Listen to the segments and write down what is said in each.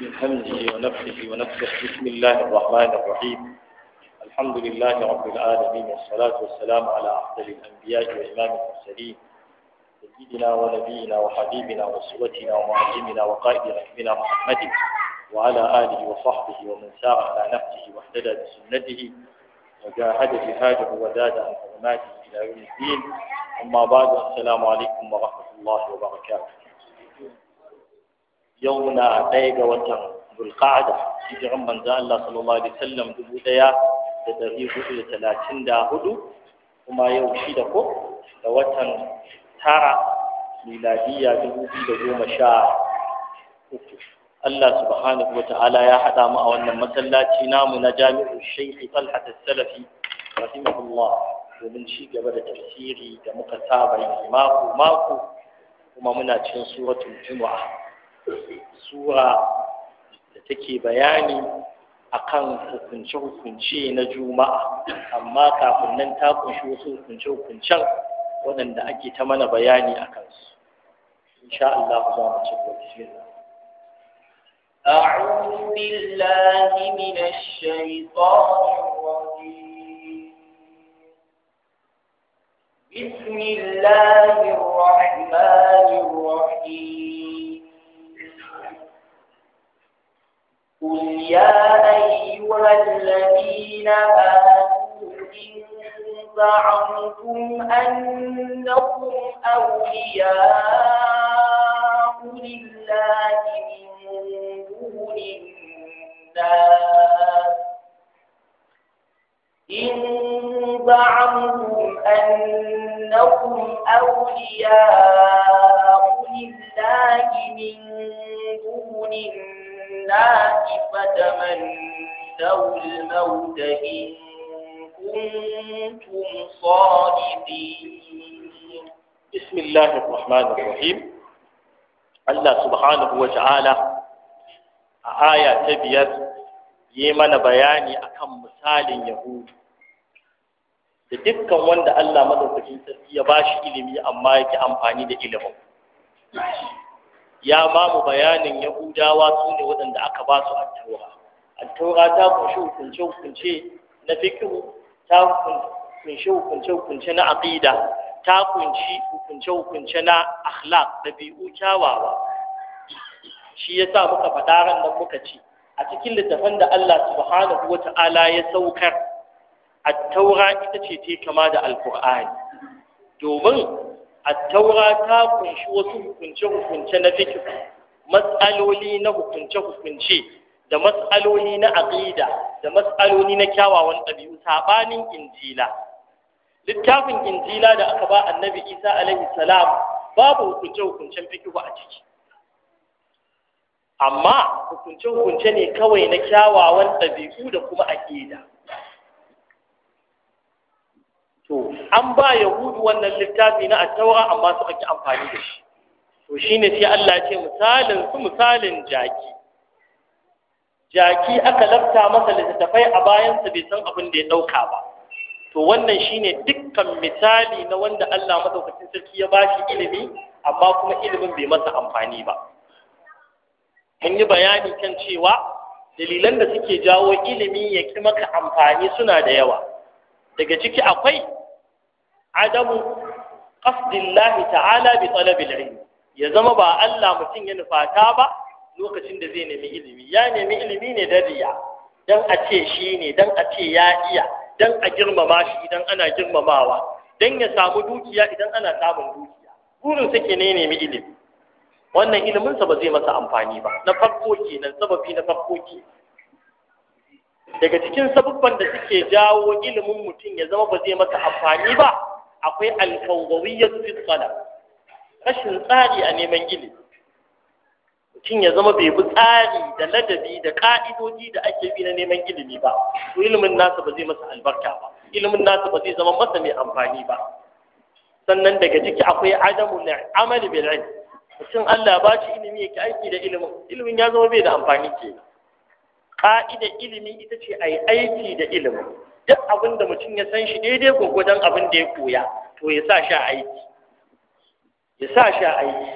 من همزه ونفسه ونفسه بسم الله الرحمن الرحيم الحمد لله رب العالمين والصلاة والسلام على أفضل الأنبياء وإمام المرسلين سيدنا ونبينا وحبيبنا وسوتنا ومعلمنا وقائد رحمنا محمد وعلى آله وصحبه ومن سار على نفسه واهتدى بسنته وجاهد جهاده وزاد عن حرماته إلى يوم الدين أما بعد السلام عليكم ورحمة الله وبركاته yau na ɗaya ga watan zulqa'ada hijiran manzo Allah sallallahu alaihi wasallam dubu ɗaya da ɗari hudu da talatin da hudu kuma yau shida ko da watan tara miladiya dubu biyu da goma sha uku Allah subhanahu wa ta'ala ya haɗa mu a wannan masallaci namu na jami'u shaikh Talha salafi rahimahullah domin ci gaba da tafsiri da muka saba yi mako mako kuma muna cikin suratul juma'a sura da take bayani akan hukunce-hukunce na juma'a amma kafin nan ta kunshi wasu hukunce-hukuncen waɗanda ake ta mana bayani a kansu insha Allah za mu ci gaba bismillah أعوذ بالله من الشيطان الرجيم بسم الله الرحمن الرحيم قل يا أيها الذين آمنوا إن زعمتم أنكم أولياء لله من دون الناس إن زعمتم أنكم أولياء لله من دون الناس فتمنوا الموت إن كنتم صادقين بسم الله الرحمن الرحيم الله سبحانه وتعالى آية تبيت yi mana bayani akan misalin yahudu da dukkan wanda Allah madaukakin sarki ya bashi ilimi amma yake amfani da ilimin ya ba mu bayanin yahudawa su ne waɗanda aka ba su attaura attaura ta kunshi hukunce hukunce na fikihu ta kunshi hukunce hukunce na aqida ta kunshi hukunce hukunce na akhlaq ɗabi'u kyawawa shi sa muka faɗa ran nan muka ci a cikin littafan da Allah subhanahu wata'ala ya saukar attaura ita ce ta kama da alkur'ani domin attaura ta kunshi wasu hukunce-hukunce na fikir matsaloli na hukunce-hukunce da matsaloli na aqida da matsaloli na kyawawan ɗabi'u saɓanin injila littafin injila da aka ba annabi isa alaihi salam babu hukunce-hukuncen fikihu a ciki amma hukunce-hukunce ne kawai na kyawawan ɗabi'u da kuma aqida to an ba yahudu wannan littafi na attaura amma suka ki amfani da shi to shine sai Allah ya ce misalin su misalin jaki jaki aka lafta masa littattafai a bayan bayansa bai san abin da ya ɗauka ba to wannan shine dukkan misali na wanda Allah madaukakin sarki ya bashi ilimi amma kuma ilimin bai masa amfani ba mun yi bayani kan cewa dalilan da suke jawo ilimi ya ki maka amfani suna da yawa daga ciki akwai adamu qasdillahi ta'ala bi talabil ilm ya zama ba Allah mutum ya nufata ba lokacin da zai nemi ilimi ya nemi ilimi ne da riya dan a ce shi ne dan a ce ya iya dan a girmama shi idan ana girmamawa dan ya samu dukiya idan ana samun dukiya burin sa ke ne nemi ilimi wannan ilimin sa ba zai masa amfani ba na farko kenan sababi na farko ke. daga cikin sabubban da suke jawo ilimin mutum ya zama ba zai masa amfani ba akwai alfawdawiyyatu fi rashin tsari a neman ilimi mutum ya zama bai bi tsari da ladabi da ka'idoji da ake bi na neman ilimi ba to ilimin nasa ba zai masa albarka ba ilimin nasa ba zai zama masa mai amfani ba sannan daga ciki akwai adamu na amali bil ilm mutum Allah ba shi ilimi yake aiki da ilimin ilimin ya zama bai da amfani ke ka'idar ilimi ita ce a yi aiki da ilimin duk abin da mutum ya san shi daidai gwagwadon abin da ya koya to ya sa shi a aiki ya sa shi a aiki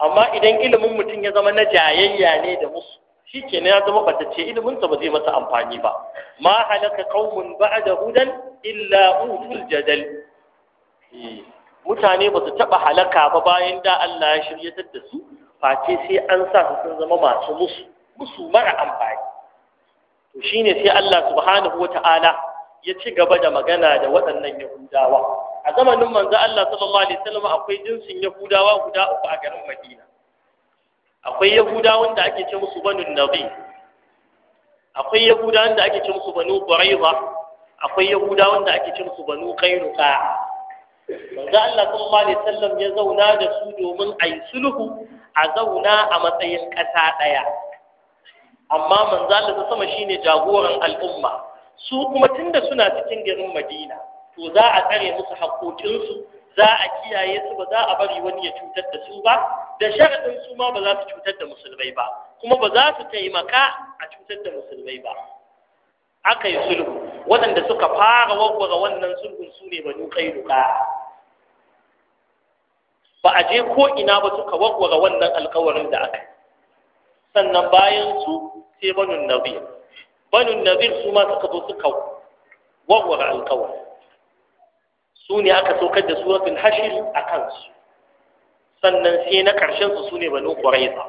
amma idan ilimin mutum ya zama na jayayya ne da musu shi ke ya zama batacce iliminsa ba zai masa amfani ba ma halaka qaumun ba'da hudan illa utul jadal eh, mutane ba su taɓa halaka ba bayan da Allah ya shiryatar da su face sai an sa su sun zama masu musu musu mara amfani to shine sai Allah subhanahu wata'ala ya ci gaba da magana da waɗannan yahudawa a zamanin manzo Allah sallallahu alaihi wasallam akwai jinsin yahudawa guda uku a garin Madina akwai yahudawan da ake ce musu banu nabi akwai yahudawan da ake ce musu banu quraiza akwai yahudawan da ake ce musu banu qainuqa manzo Allah sallallahu alaihi wasallam ya zauna da su domin ayi sulhu a zauna a matsayin ƙasa ɗaya amma manzo Allah ta sama shine jagoran al'umma su kuma tunda suna cikin garin Madina to za a tsare musu haƙoƙinsu za a kiyaye su ba za a bari wani ya cutar da su ba da sharadin su ma ba za su cutar da musulmai ba kuma ba za su taimaka a cutar da musulmai ba aka yi sulhu waɗanda suka fara wawwara wannan sulhun su ne banu kailuka ba a je ko ina ba suka wawwara wannan alkawarin da aka yi sannan bayan su sai banu nabi banu nabi su ma suka zo suka wawwara alkawar su ne aka saukar da suratul hashir a kansu sannan sai na ƙarshen su su ne banu quraiza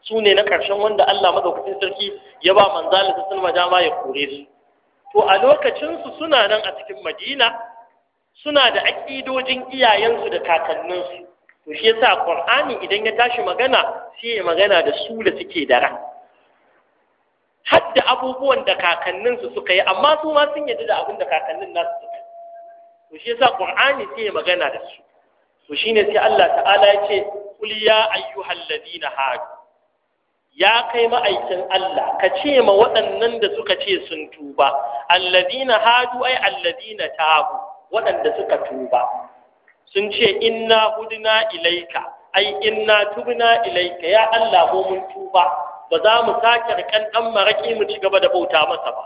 su ne na ƙarshen wanda Allah madaukakin sarki ya ba manzalin su sulma dama ya kore su to a lokacinsu suna nan a cikin madina suna da aƙidojin iyayensu da kakanninsu to shi yasa qur'ani idan ya tashi magana sai ya magana da su da suke da ran hadda abubuwan da kakannin su suka yi amma su ma sun yadda da abin da kakannin nasu suka yi to shi yasa qur'ani sai ya magana da su to shine sai Allah ta'ala ya ce qul ya ayyuhal ladina hadu ya kai ma'aikin Allah ka ce ma waɗannan da suka ce sun tuba alladina hadu ai alladina tabu waɗanda suka tuba sun ce inna hudna ilaika ai inna tubna ilaika ya Allah mu mun tuba ba za mu sake rikan dan maraki mu ci gaba da bauta masa ba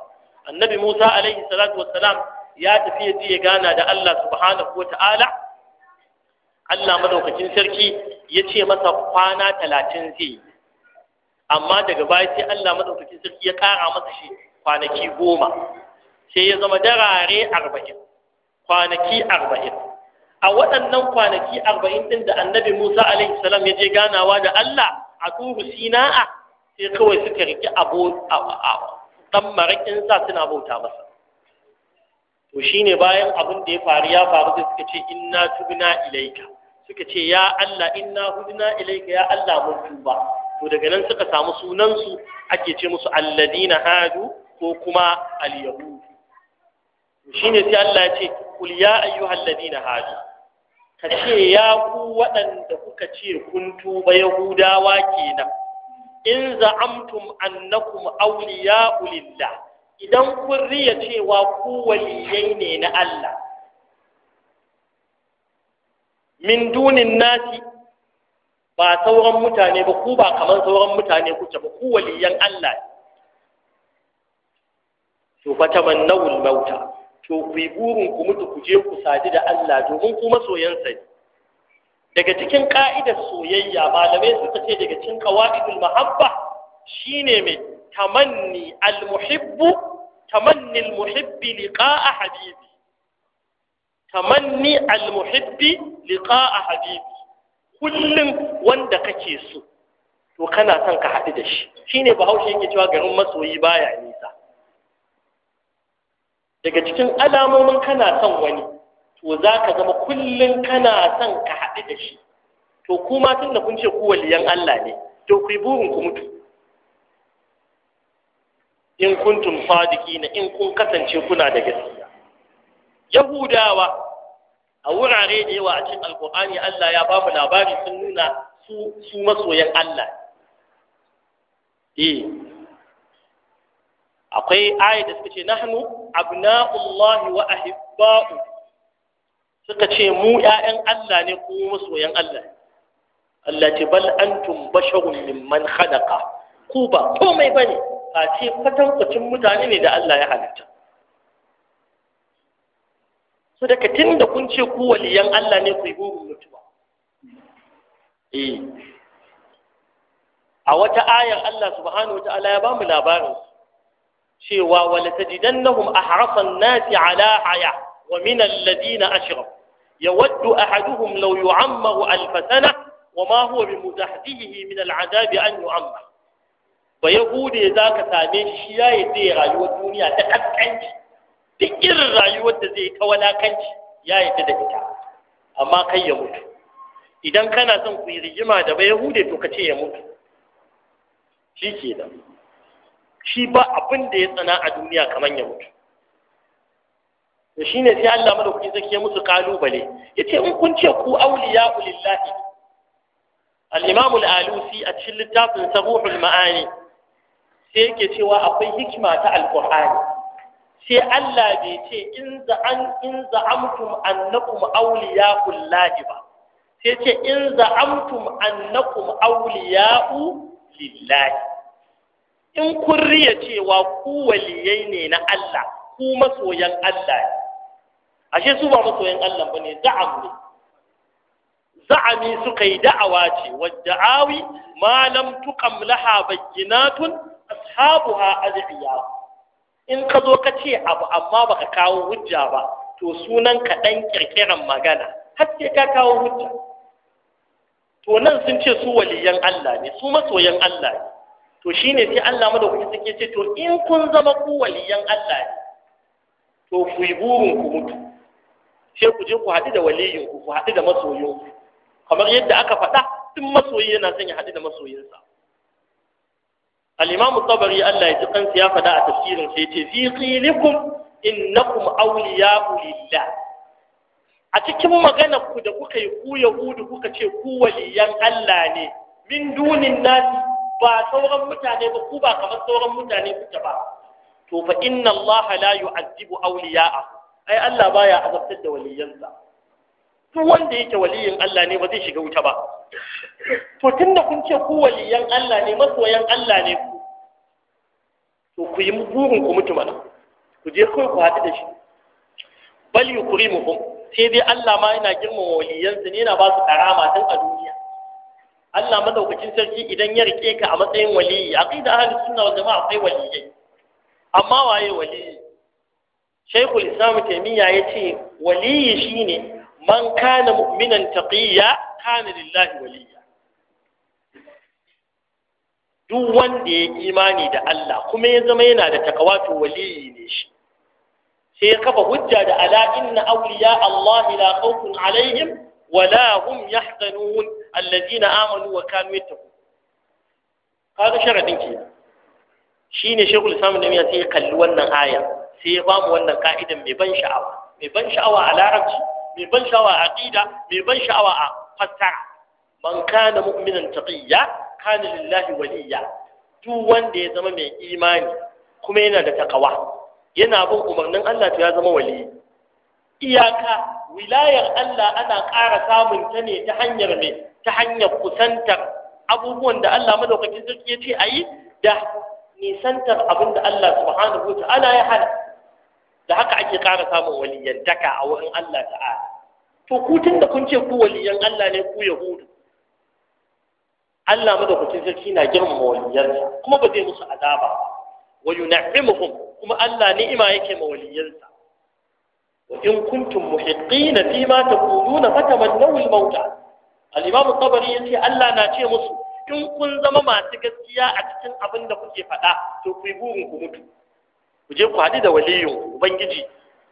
annabi Musa alaihi salatu wassalam ya tafi ya je gana da Allah subhanahu wataala Allah madaukakin sarki ya ce masa kwana talatin zai amma daga baya sai Allah madaukakin sarki ya kara masa shi kwanaki goma sai ya zama darare arba'in kwanaki arba'in a waɗannan kwanaki arba'in ɗin da annabi Musa alaihi ya je ganawa da Allah a turu sina'a sai kawai suka riƙi abo ɗan sa suna bauta masa to shine bayan abin da ya faru ya faru sai suka ce inna tubna ilaika suka ce ya Allah inna hudna ilaika ya Allah mun tuba to daga nan suka samu sunan su ake ce musu alladina hadu ko kuma al-yahud shine sai Allah ya ce kul ya ayyuhal ladina hadu ka ce ya ku waɗanda kuka ce kun tuba yahudawa kenan in za'amtum annakum awliya'u lillah idan kun riya cewa ku waliyai ne na Allah min dunin nasi ba sauran mutane ba ku ba kamar sauran mutane kuke ba ku waliyan Allah ne to fa tamannawul mauta to ku yi burin ku mutu ku je ku sadi da Allah domin kuma masoyansa ne daga cikin ka'idar soyayya malamai suka ce daga cikin qawaidul mahabba shine mai tamanni al tamanni al muhibbi liqa'a habibi tamanni al muhibbi liqa'a habibi kullum wanda kake so to kana son ka haɗu da shi shine bahaushe yake cewa garin masoyi baya ne daga cikin alamomin kana son wani to za ka zama kullum kana son ka haɗu da shi to kuma tun da kun ce ku waliyan Allah ne to ku burin ku mutu in kuntum na in kun kasance kuna da gaskiya yahudawa a wurare da yawa a cikin alkur'ani Allah ya ba mu labari sun nuna su masoyan Allah eh akwai ayi da suka ce nahnu abna'ullahi wa ahibba'u suka ce mu ƴaƴan Allah ne ko masoyan Allah Allah ce bal antum basharun mimman khalaqa ku ba komai bane fatan kucin mutane ne da Allah ya halitta su daga tun da kun ce ku waliyan Allah ne ku yi bugun mutuwa eh a wata ayar Allah subhanahu wa ta'ala ya ba mu labarin cewa nahum a harafan nasi ala haya wa min alladhina ya yawaddu ahaduhum law lauyu alf alfasana wa ma huwa bimuzahzihi min al'adab an yu'ammar ba za zaka same shi ya yi rayuwar duniya ta kaskanci duk irin rayuwar da zai ta walakanci ya yi da ita amma kai ya mutu idan kana son ku yi rigima da ba yahude to ka ce ya mutu shi ke nan shi ba abin da ya tsana a duniya kamar ya mutu da shi ne sai Allah madaukakin kuke zake musu kalubale ya ce in kun ce ku auliya ulillahi al-imam al-alusi a cikin littafin sa ma'ani sai yake cewa akwai hikima ta alqur'ani sai Allah bai ce in za an in za amtum annakum lillahi ba sai ce in za amtum annakum awliya'u lillahi in kun riya cewa ku waliyai ne na Allah ku masoyan Allah ne ashe su ba masoyan Allah bane da'am ne za'ami suka yi da'awa ce wadda'awi ma lam tuqam laha bayyinatun ashabuha azhiya in ka zo ka ce abu amma baka kawo hujja ba to sunan ka dan kirkiran magana har sai ka kawo hujja to nan sun ce su waliyan Allah ne su masoyan Allah ne to shi ne sai Allah kuma suke ce to in kun zama ku waliyan Allah ne to ku yi burin ku mutu sai ku je ku haɗu da waliyin ku ku haɗu da masoyin ku kamar yadda aka faɗa tun masoyi yana son ya haɗu da masoyinsa al-imam tabari Allah ya ji kansa ya faɗa a tafsirin sai ce fi qilikum innakum awliya'u lillah a cikin magana ku da kuka yi ku yahudu kuka ce ku waliyan Allah ne min dunin nasi ba sauran mutane ba ku ba kamar sauran mutane kuke ba to fa inna Allah la yu'azzibu awliya'a ai Allah baya azabtar da waliyansa to wanda yake waliyin Allah ne ba zai shiga wuta ba to tunda kun ce ku waliyan Allah ne masoyan Allah ne ku to ku yi burin ku mutu mana ku je kai ku haɗu da shi bal yukrimuhum sai dai Allah ma yana girmama waliyansa ne yana ba su karama tun a duniya Allah madaukakin sarki idan ya rike ka a matsayin waliyi aqida ahlus sunna wal jamaa akwai waliyai amma waye waliyi shaykhul islam taymiya yace waliyi shine man kana mu'minan taqiyya kana lillahi waliya duk wanda ya imani da Allah kuma ya zama yana da takawa to waliyi ne shi sai ya kafa hujja da ala inna awliya Allah la khawfun alaihim wa la hum yahzanun allazina amanu wa kanu yattaqu kaga sharadin ke shine shekul samun da sai ya kalli wannan aya sai ya bamu wannan ka'idan mai ban sha'awa mai ban sha'awa a larabci mai ban sha'awa a aqida mai ban sha'awa a fassara man kana mu'minan taqiyya kana lillahi waliyya. duk wanda ya zama mai imani kuma yana da takawa yana bin umarnin Allah to ya zama wali iyaka wilayar Allah ana ƙara samun ta ne ta hanyar mai ta hanyar kusantar abubuwan da Allah madaukakin sarki ya ce a yi da nisantar abin da Allah subhanahu wa ta'ala ya hana da haka ake ƙara samun waliyantaka a wurin Allah ta'ala to ku tun da kun ce ku waliyan Allah ne ku yahudu Allah madaukakin sarki na girmama waliyansa kuma ba zai musu azaba wa yun'imuhum kuma Allah ni'ima yake ma waliyansa وإن كنتم محقين فيما تقولون فتمنوا الموت الإمام الطبري يتي ألا ناتي مصر in kun zama masu gaskiya a cikin abin da kuke faɗa to ku yi burin ku mutu ku je ku haɗu da waliyin ubangiji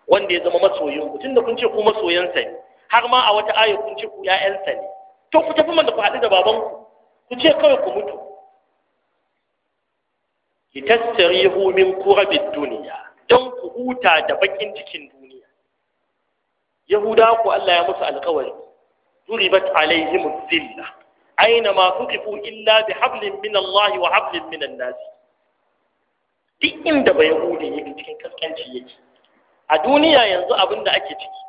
wanda ya zama masoyin ku tunda kun ce ku masoyansa ne har ma a wata aya kun ce ku ƴaƴansa ne to ku tafi man da ku haɗu da baban ku ce kawai ku mutu litastarihu min kurabid duniya don ku huta da baƙin cikin yahuda ku Allah ya musu alƙawari duribat alaihim zilla aina ma tuqifu illa bi hablin min Allah wa hablin min an-nas duk inda ba yahudi yake cikin kaskanci yake a duniya yanzu abin da ake ciki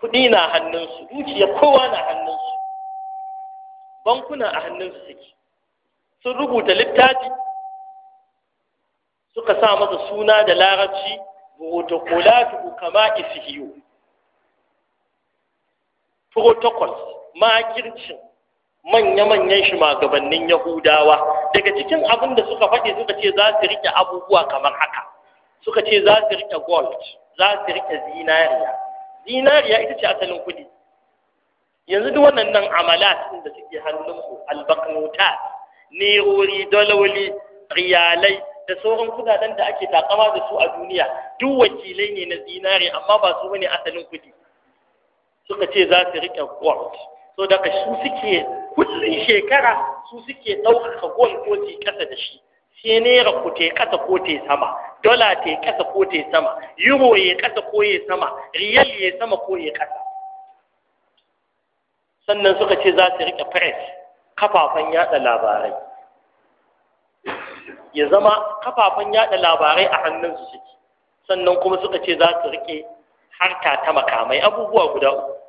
kuɗi na hannunsu dukiya kowa na hannunsu bankuna a hannunsu suke sun rubuta littafi suka sa masa suna da larabci protokolatu kama isihiyo protocols makircin manya-manyan shugabannin yahudawa daga cikin abin da suka faɗi suka ce za su riƙe abubuwa kamar haka suka ce za su riƙe gold za su riƙe zinariya zinariya ita ce asalin kudi. yanzu duk waɗannan amalat ɗin da suke hannunku albaknota nerori daloli riyalai da sauran kudaden da ake takama da su a duniya duk wakilai ne na zinari amma ba su bane asalin kudi. suka ce za su riƙe gold so daga su suke kullum shekara su suke ɗaukaka gol ko ce ƙasa da shi sai naira ku te ƙasa ko te sama dola te ƙasa ko te sama euro ya ƙasa ko ya sama riyal ya sama ko ya ƙasa sannan suka ce za su riƙe press kafafen yaɗa labarai ya zama kafafen yaɗa labarai a hannunsu suke sannan kuma suka ce za su riƙe harka ta makamai abubuwa guda uku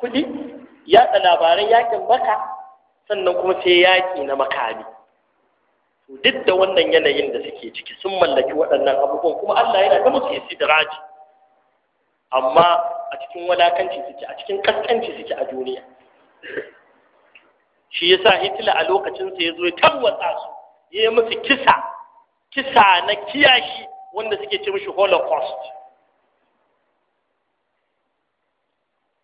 kuɗi yaɗa labaran yakin baka sannan kuma sai yaƙi na makami duk da wannan yanayin da suke ciki sun mallaki waɗannan abubuwan kuma Allah yana ta musu istidraji amma a cikin walakanci suke a cikin kaskanci suke a duniya shi yasa Hitler a lokacin sa yazo ya tarwatsa su yayi musu kisa kisa na kiyashi wanda suke ce mishi holocaust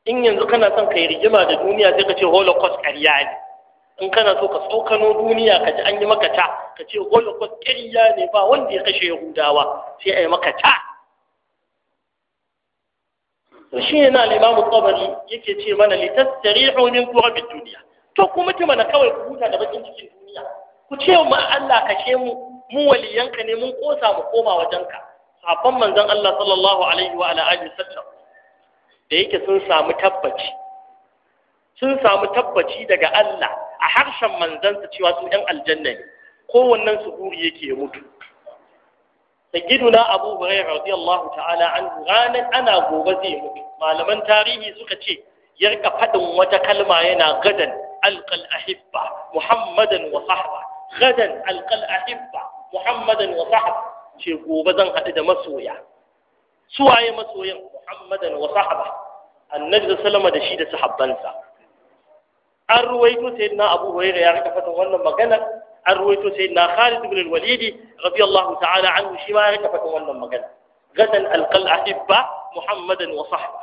in yanzu kana son ka yi rigima da duniya sai ka ce holocaust ƙarya ne in kana so ka tsokano duniya ka ji an yi maka ta ka ce holocaust ƙarya ne ba wanda ya kashe yahudawa sai a yi maka ta to shi ne na limamu tsabari yake ce mana litastarihu min kurabin duniya to ku mutu mana kawai ku huta da bakin cikin duniya ku ce ma Allah kashe mu mu waliyanka ne mun kosa mu koma wajenka sabon manzon Allah sallallahu alaihi wa alihi wasallam da yake sun samu tabbaci sun samu tabbaci daga Allah a harshen manzansa cewa su ɗan aljanna ne kowannen su buri yake mutu sayyiduna abu hurairah radiyallahu ta'ala anhu ranan ana gobe zai mutu malaman tarihi suka ce ya faɗin wata kalma yana gadan alqal ahibba muhammadan wa sahba gadan alqal ahibba muhammadan wa sahba ce gobe zan haɗu da masoya suwaye masoyan محمد وصحبه النبي صلى الله عليه وسلم الرويت سيدنا أبو هريرة يا يعني ركفة وانا مقنا الرويت سيدنا خالد بن الوليد رضي الله تعالى عنه شما يا يعني ركفة وانا مقنا غدا القل أحبة محمدا وصحبة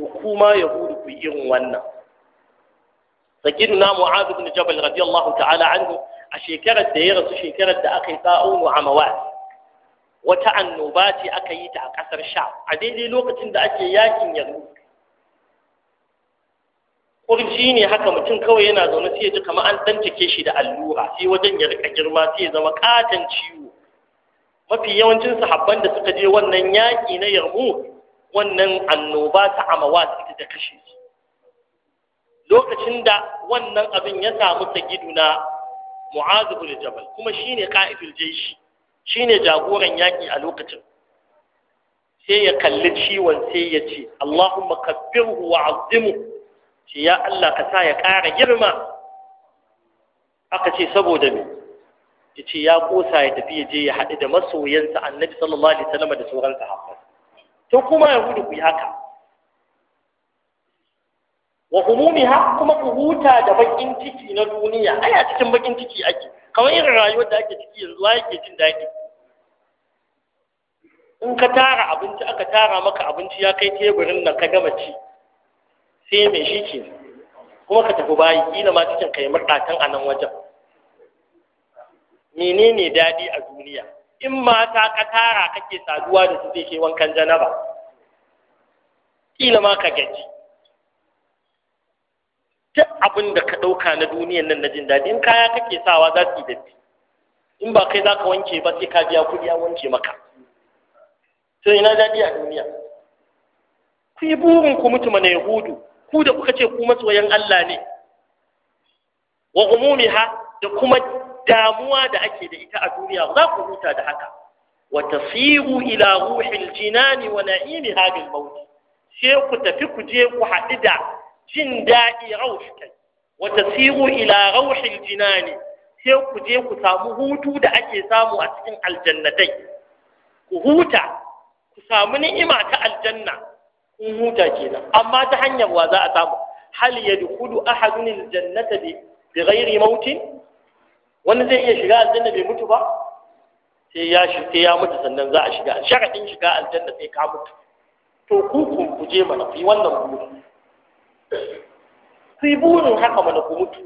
وكما يقول في إيرو سيدنا معاذ بن جبل رضي الله تعالى عنه أشيكرت ديرة أشيكرت أخي طاؤون وعموات wata annoba ce aka yi ta a ƙasar sha a daidai lokacin da ake yakin yanzu kurji ne haka mutum kawai yana zaune sai ya ji kamar an ɗancake shi da allura sai wajen ya rika girma sai ya zama katon ciwo mafi yawancin sahabban da suka je wannan yaƙi na yarmu wannan annoba ta amawa ita da kashe su lokacin da wannan abin ya samu sagiduna mu'azu jabal kuma shine qa'idul jeshi. shine jagoran yaƙi a lokacin sai ya kalli ciwon sai ya ce Allahumma kabbirhu wa azzimu ce ya Allah ka sa ya ƙara girma aka ce saboda me ya ce ya ƙosa ya tafi ya je ya haɗu da masoyansa annabi sallallahu alaihi wasallam da sauran sahabbai to kuma yahudu ku yi haka wa humumiha kuma ku huta da bakin ciki na duniya ai a cikin bakin ciki ake kamar irin rayuwar da ake ciki yanzu waye ke cin daɗi in ka tara abinci aka tara maka abinci ya kai teburin nan ka gama ci sai mai shi ke kuma ka tafi bayi kila ma cikin ka yi a nan wajen menene daɗi a duniya in mata ka tara kake saduwa da su zai ke wankan janaba kila ma ka gaji duk abin da ka ɗauka na duniyan nan na jin daɗi in kaya kake sawa za su yi datti in ba kai za ka wanke ba sai ka biya kuɗi a wanke maka sai ina daɗi a duniya ku yi burin ku mutu mana yahudu ku da kuka ce ku masoyan Allah ne wa ha da kuma damuwa da ake da ita a duniya za ku huta da haka wa tasiru ila ruhil jinani wa na'imi hadil maut sai ku tafi ku je ku haɗu da jin daɗi raush kai wa tasiru ila jina ne, sai ku je ku samu hutu da ake samu a cikin aljannatai ku huta ku samu ni'ima ta aljanna kun huta kenan amma ta hanyar wa za a samu hal yadkhulu ahadun aljannata bi bighairi mautin wani zai iya shiga aljanna bai mutu ba sai ya shi sai ya mutu sannan za a shiga sharadin shiga aljanna sai ka mutu to ku ku kuje mana ku yi wannan buri su burin haka mana ku mutu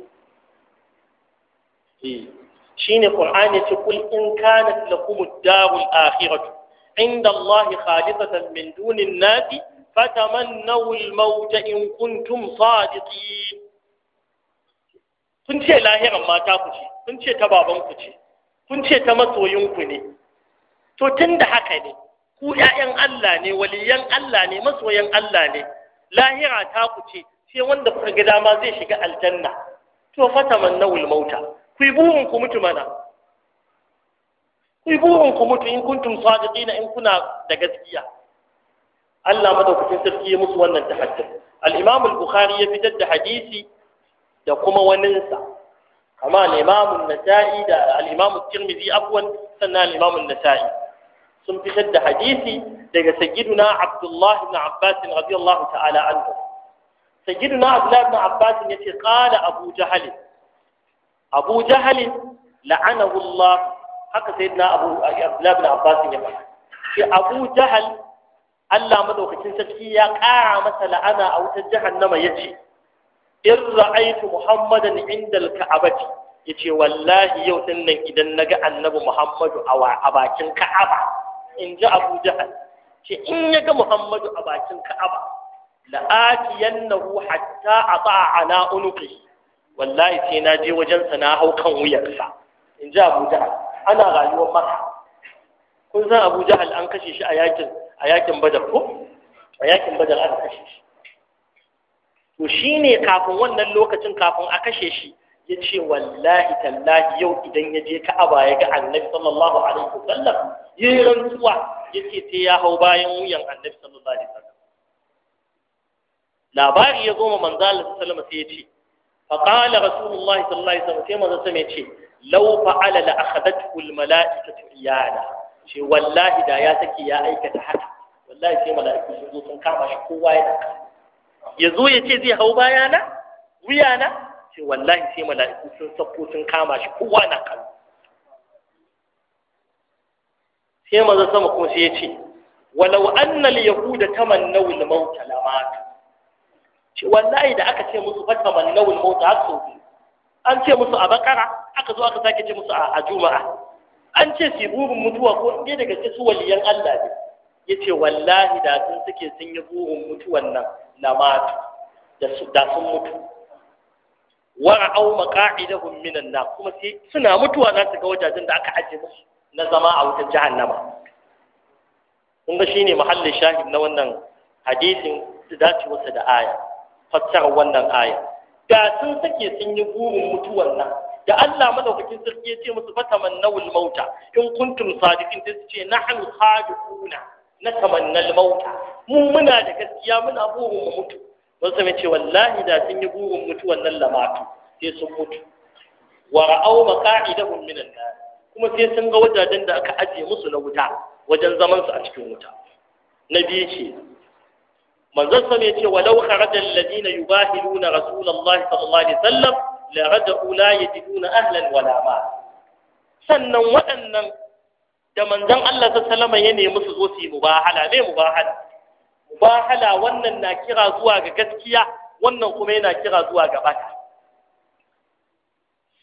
shi ne ƙur'an ya ce kul in kana lakum darul akhiratu inda Allah khalisatan min dunin nasi fatamannu al-maut in kuntum sadiqin kun ce lahiran mata ku ce kun ce ta baban ku ce kun ce ta masoyin ku ne to tunda haka ne ku ƴaƴan Allah ne waliyan Allah ne masoyan Allah ne lahira ta ku ce sai wanda kuka ga dama zai shiga aljanna to fata man nawul mauta ku yi burin ku mutu mana ku yi burin ku mutu in kuntum sadiqina in kuna da gaskiya Allah madaukakin sarki ya musu wannan tahajjud al-Imam al-Bukhari ya fitar da hadisi da kuma wani sa. kama al-Imam an-Nasa'i da al-Imam at-Tirmidhi afwan sannan al-Imam an-Nasa'i sun fitar da hadisi daga sayyiduna Abdullah ibn Abbas radiyallahu ta'ala anhu na abdullah ibn abbas yace qala abu jahal abu jahal la'anahu allah haka na abu abdullah ibn abbas ya faɗa shi abu jahal Allah madaukakin sarki ya ƙara masa la'ana a wutar jahannama yace in ra'aytu muhammadan inda al-ka'abati yace wallahi yau din nan idan naga annabi muhammadu a bakin ka'aba in ji abu jahal ce in ya ga muhammadu a bakin ka'aba la'atiyannahu hatta ata ala unqi wallahi sai na je wajen sa na hau kan wuyarsa in ji Abu ana rayuwar maka kun san Abu Jahal an kashe shi a yakin a yakin Badar ko a yakin Badar an kashe shi to shine kafin wannan lokacin kafin a kashe shi ya ce wallahi tallahi yau idan ya je ka'aba ya ga annabi sallallahu alaihi wasallam yayi rantsuwa ya ce sai ya hau bayan wuyan annabi sallallahu alaihi wasallam labari ya zo ma manzo Allah sallallahu sai ya ce fa rasulullahi sallallahu alaihi wasallam sai manzo ya ce law fa'ala la akhadathu al mala'ikatu iyada ce wallahi da ya saki ya aikata haka wallahi sai mala'iku sun zo sun kama shi kowa ya daka ya zo ya ce zai hau bayana wuyana ce wallahi sai mala'iku sun sako sun kama shi kowa na kallo sai sama kuma sai ya ce walau annal yahuda tamannaw al mauta ce wallahi da aka ce musu fata mannawul mota har sau biyu an ce musu a bakara aka zo aka sake ce musu a juma'a an ce su burin mutuwa ko ɗaya daga cikin su waliyan Allah ne ya ce wallahi da sun suke sun yi burin mutuwan nan na matu da sun mutu wa au maqa'idahum minan nar kuma sai suna mutuwa za su ga wajajen da aka ajiye musu na zama a wutar jahannama kun ga shine mahallin shahid na wannan hadisin da dacewarsa da aya fassar wannan aya da sun sake sun yi burin mutuwan nan da Allah madaukakin sarki ya ce musu fatamannawul mauta in kuntum sadiqin da su ce nahnu sadiquna na tamannal mauta mun muna da gaskiya muna burin mu mutu Wasu sai ce wallahi da sun yi burin mutuwan nan lamatu sai sun mutu wa ra'au maqa'idahum minan nar kuma sai sun ga wajajen da aka aje musu na wuta wajen zaman su a cikin wuta na biye ce manzon sa ya ce walau kharaja alladhina yubahiluna rasulullahi sallallahu alaihi wasallam la raja'u la yajiduna ahlan wala ma sannan waɗannan da manzon Allah sallallahu alaihi ya nemi su zo su yi mubahala me mubahala mubahala wannan na kira zuwa ga gaskiya wannan kuma yana kira zuwa ga bata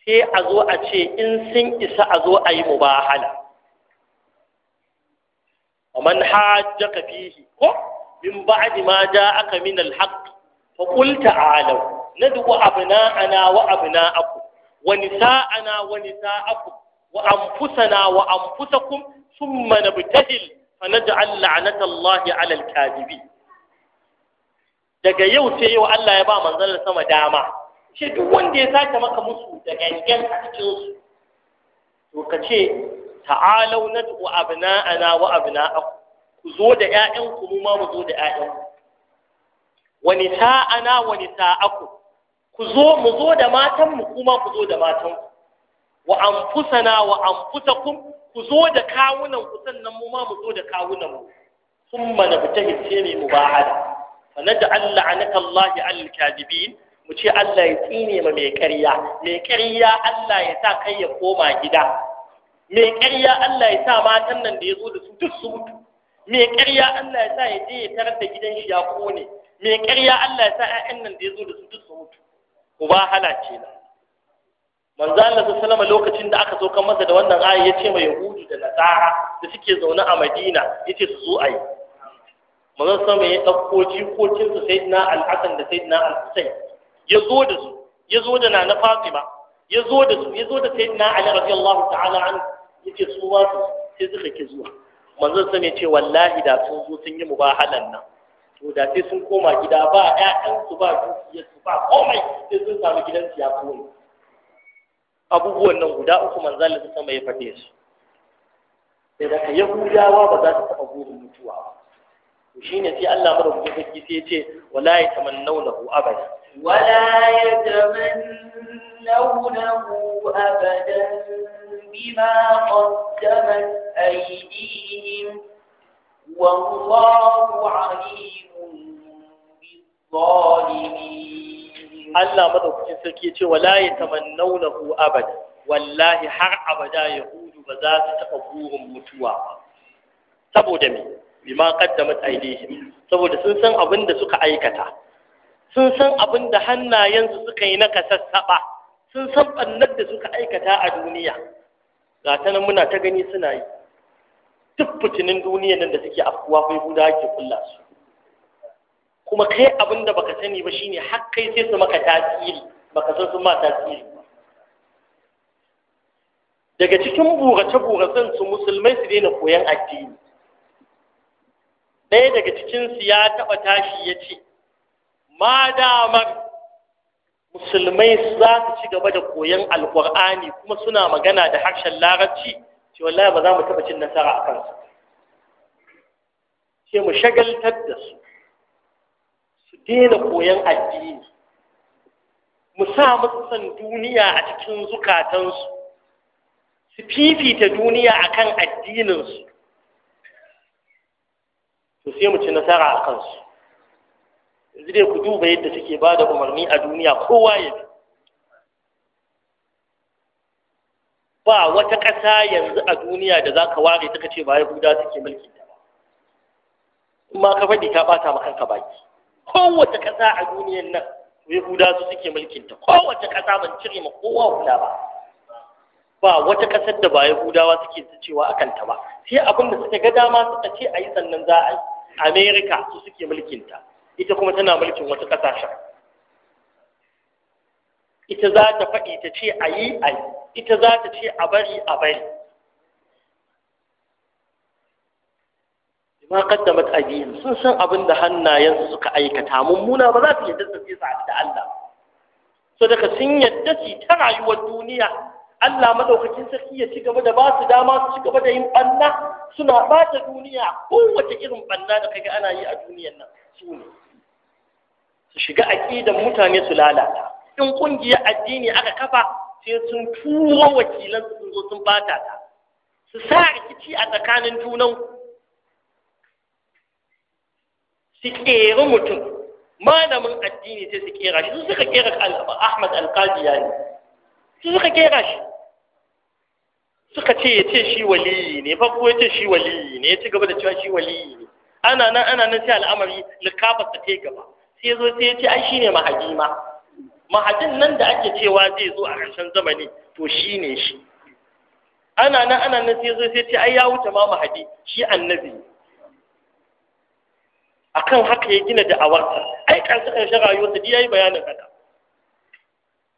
sai a zo a ce in sun isa a zo a yi mubahala ومن حاجك فيه ko min ba'di ma ja'aka min al-haqq fa qul ta'alu nad'u abna'ana wa abna'akum wa nisa'ana wa nisa'akum wa anfusana wa anfusakum thumma nabtahil fa naj'al la'nata Allahi 'ala al-kadhibin daga yau sai yau Allah ya ba manzon sama dama shi duk wanda ya sake maka musu da gangan a cikin su to kace ta'alu nad'u abna'ana wa abna'akum ku zo da ƴaƴan ku mu ma mu zo da ƴaƴan ku wa nisa'ana wa nisa'akum ku zo mu zo da matan mu kuma ku zo da matan ku wa anfusana wa anfusakum ku zo da kawunan ku sannan mu ma mu zo da kawunan mu thumma nabtahi ne mu ba'ada fa naj'al la'anaka Allahi al-kadibin mu ce Allah ya tsine ma mai ƙarya mai ƙarya Allah ya sa kai ya koma gida mai ƙarya Allah ya sa matan nan da ya zo da su duk su mutu mai ƙarya Allah ya sa ya je ya tarar da gidan shi ya kone mai ƙarya Allah ya sa ƴaƴan nan da ya zo da su duk su mutu uba halace na manzo Allah sallallahu lokacin da aka zo kan masa da wannan ayi ya ce mai yahudu da nasara da suke zaune a Madina yace su zo ayi manzo sama ya dauko jikokin su sayyidina al-Hasan da sayyidina al-Husayn ya zo da su ya zo da nana Fatima ya zo da su ya zo da sayyidina Ali radiyallahu ta'ala an yace su ba su sai suka ke zuwa manzo sun ce wallahi da sun zo sun yi mubahalan nan to da sai sun koma gida ba ƴaƴan su ba dukiyar su ba komai sai sun samu gidan su ya koyi abubuwan nan guda uku manzo Allah sama ya fade su sai da yahudawa ba za su taɓa gurin mutuwa ba to shine sai Allah madaukakin sarki sai ya ce wala yatamannawnahu abada wala yatamannawnahu abada. بما قدمت أيديهم والله عليم بالظالمين الله مدوكين سركي ولا يتمنونه أبدا والله har abada yahudu ba za su taɓa burin mutuwa ba saboda me bima qaddamat aydihim saboda sun san abin da suka aikata sun san da hannayensu suka yi na kasassaba sun san bannar da suka aikata a duniya ga muna ta gani suna yi duk fitinin duniyan nan da suke afkuwa fa yahuda ake kulla su kuma kai abin da baka sani ba shine har kai sai su maka tasiri baka san sun ma tasiri daga cikin burace-buracen su musulmai su daina koyan addini ɗaya daga cikinsu ya taɓa tashi ya ce ma damar musulmai za su ci gaba da koyon alkur'ani kuma suna magana da harshen larabci ce wallahi ba za mu taɓa cin nasara a kansu ce mu shagaltar da su su daina koyon addini mu sa musu san duniya a cikin zukatansu su fifita duniya a kan addininsu su sai mu ci nasara a kansu yanzu dai ku duba yadda suke ba da umarni a duniya kowa ya bi ba wata ƙasa yanzu a duniya da za ka ware ta ce ba yahuda suke mulki ta ba in ma ka faɗi ka ɓata ma kanka baki kowace ƙasa a duniyan nan ya yahuda su suke mulkin ta kowace ƙasa ban cire ma kowa guda ba ba wata ƙasar da ba ya yahudawa suke cewa a kanta ba sai abin da suka ga dama suka ce a yi sannan za a yi amerika su suke mulkin ta ita kuma tana mulkin wata ƙasashen ita za ta faɗi ta ce a yi a yi ita za ta ce a bari a bari ma ta abihim sun san abin da hannayensu suka aikata mummuna ba za su yadda su sai su da Allah so daga sun yadda su ta rayuwar duniya Allah madaukakin sarki ya ci gaba da ba su dama su ci gaba da yin banna suna bata duniya kowace irin banna da ga ana yi a duniyar nan su ne su shiga aƙidan mutane su lalata in ƙungiyar addini aka kafa sai sun turo wakilan sun zo sun bata ta su sa rikici a tsakanin junan su ƙeri mutum malamin addini sai su ƙera shi su suka ƙera ahmad alƙadiya ne su suka ƙera shi suka ce ya ce shi waliyi ne farko ya ce shi waliyi ne ya ci gaba da cewa shi waliyi ne ana nan ana nan sai al'amari likafarsa ta gaba sai zo sai ce ai shine mahadi ma mahadin nan da ake cewa zai zo a ƙarshen zamani to shine shi ana nan ana nan sai zo sai ce ai ya wuce ma mahadi shi annabi akan haka ya gina awarta ai ƙarshe ƙarshen rayuwarsa da yayi bayanin haka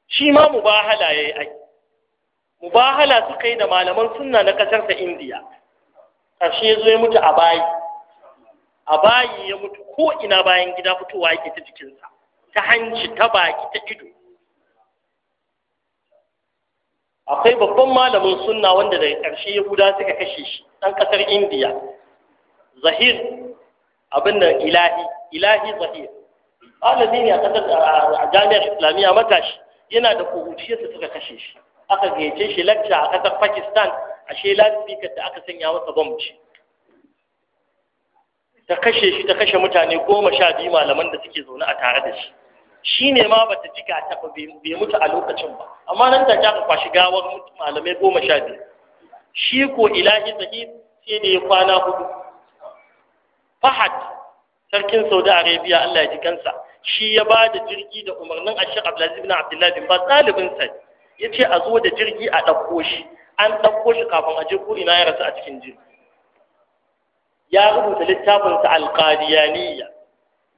shi ma mubahala yayi ai mubahala suka yi da malaman sunna na ƙasar ta indiya ƙarshe ya zo ya mutu a bayi a bayi ya mutu ko ina bayan gida fitowa yake ta jikinsa ta hanci ta baki ta ido akwai babban malamin sunna wanda da ƙarshe ya guda suka kashe shi ɗan ƙasar indiya zahir abin da ilahi ilahi zahir malami ne a ƙasar a jami'ar islamiyya matashi yana da kuruciyarsa suka kashe shi aka gayyace shi lacca a ƙasar pakistan ashe lafiyar da aka sanya masa bamci ta kashe shi ta kashe mutane goma sha biyu malaman da suke zaune a tare da shi shi ne ma ba ta jika ta ba bai mutu a lokacin ba amma nan ta ta shiga wa malamai goma sha biyu shi ko ilahi sai ne ya kwana hudu fahad sarkin saudi arabia allah ya ji kansa shi ya ba da jirgi da umarnin shi abdulaziz bin abdullahi bin ba ɗalibin sa ya ce a zo da jirgi a ɗauko shi an ɗauko shi kafin a je ko ina ya rasu a cikin jirgi ya rubuta littafinsa qadiyaniya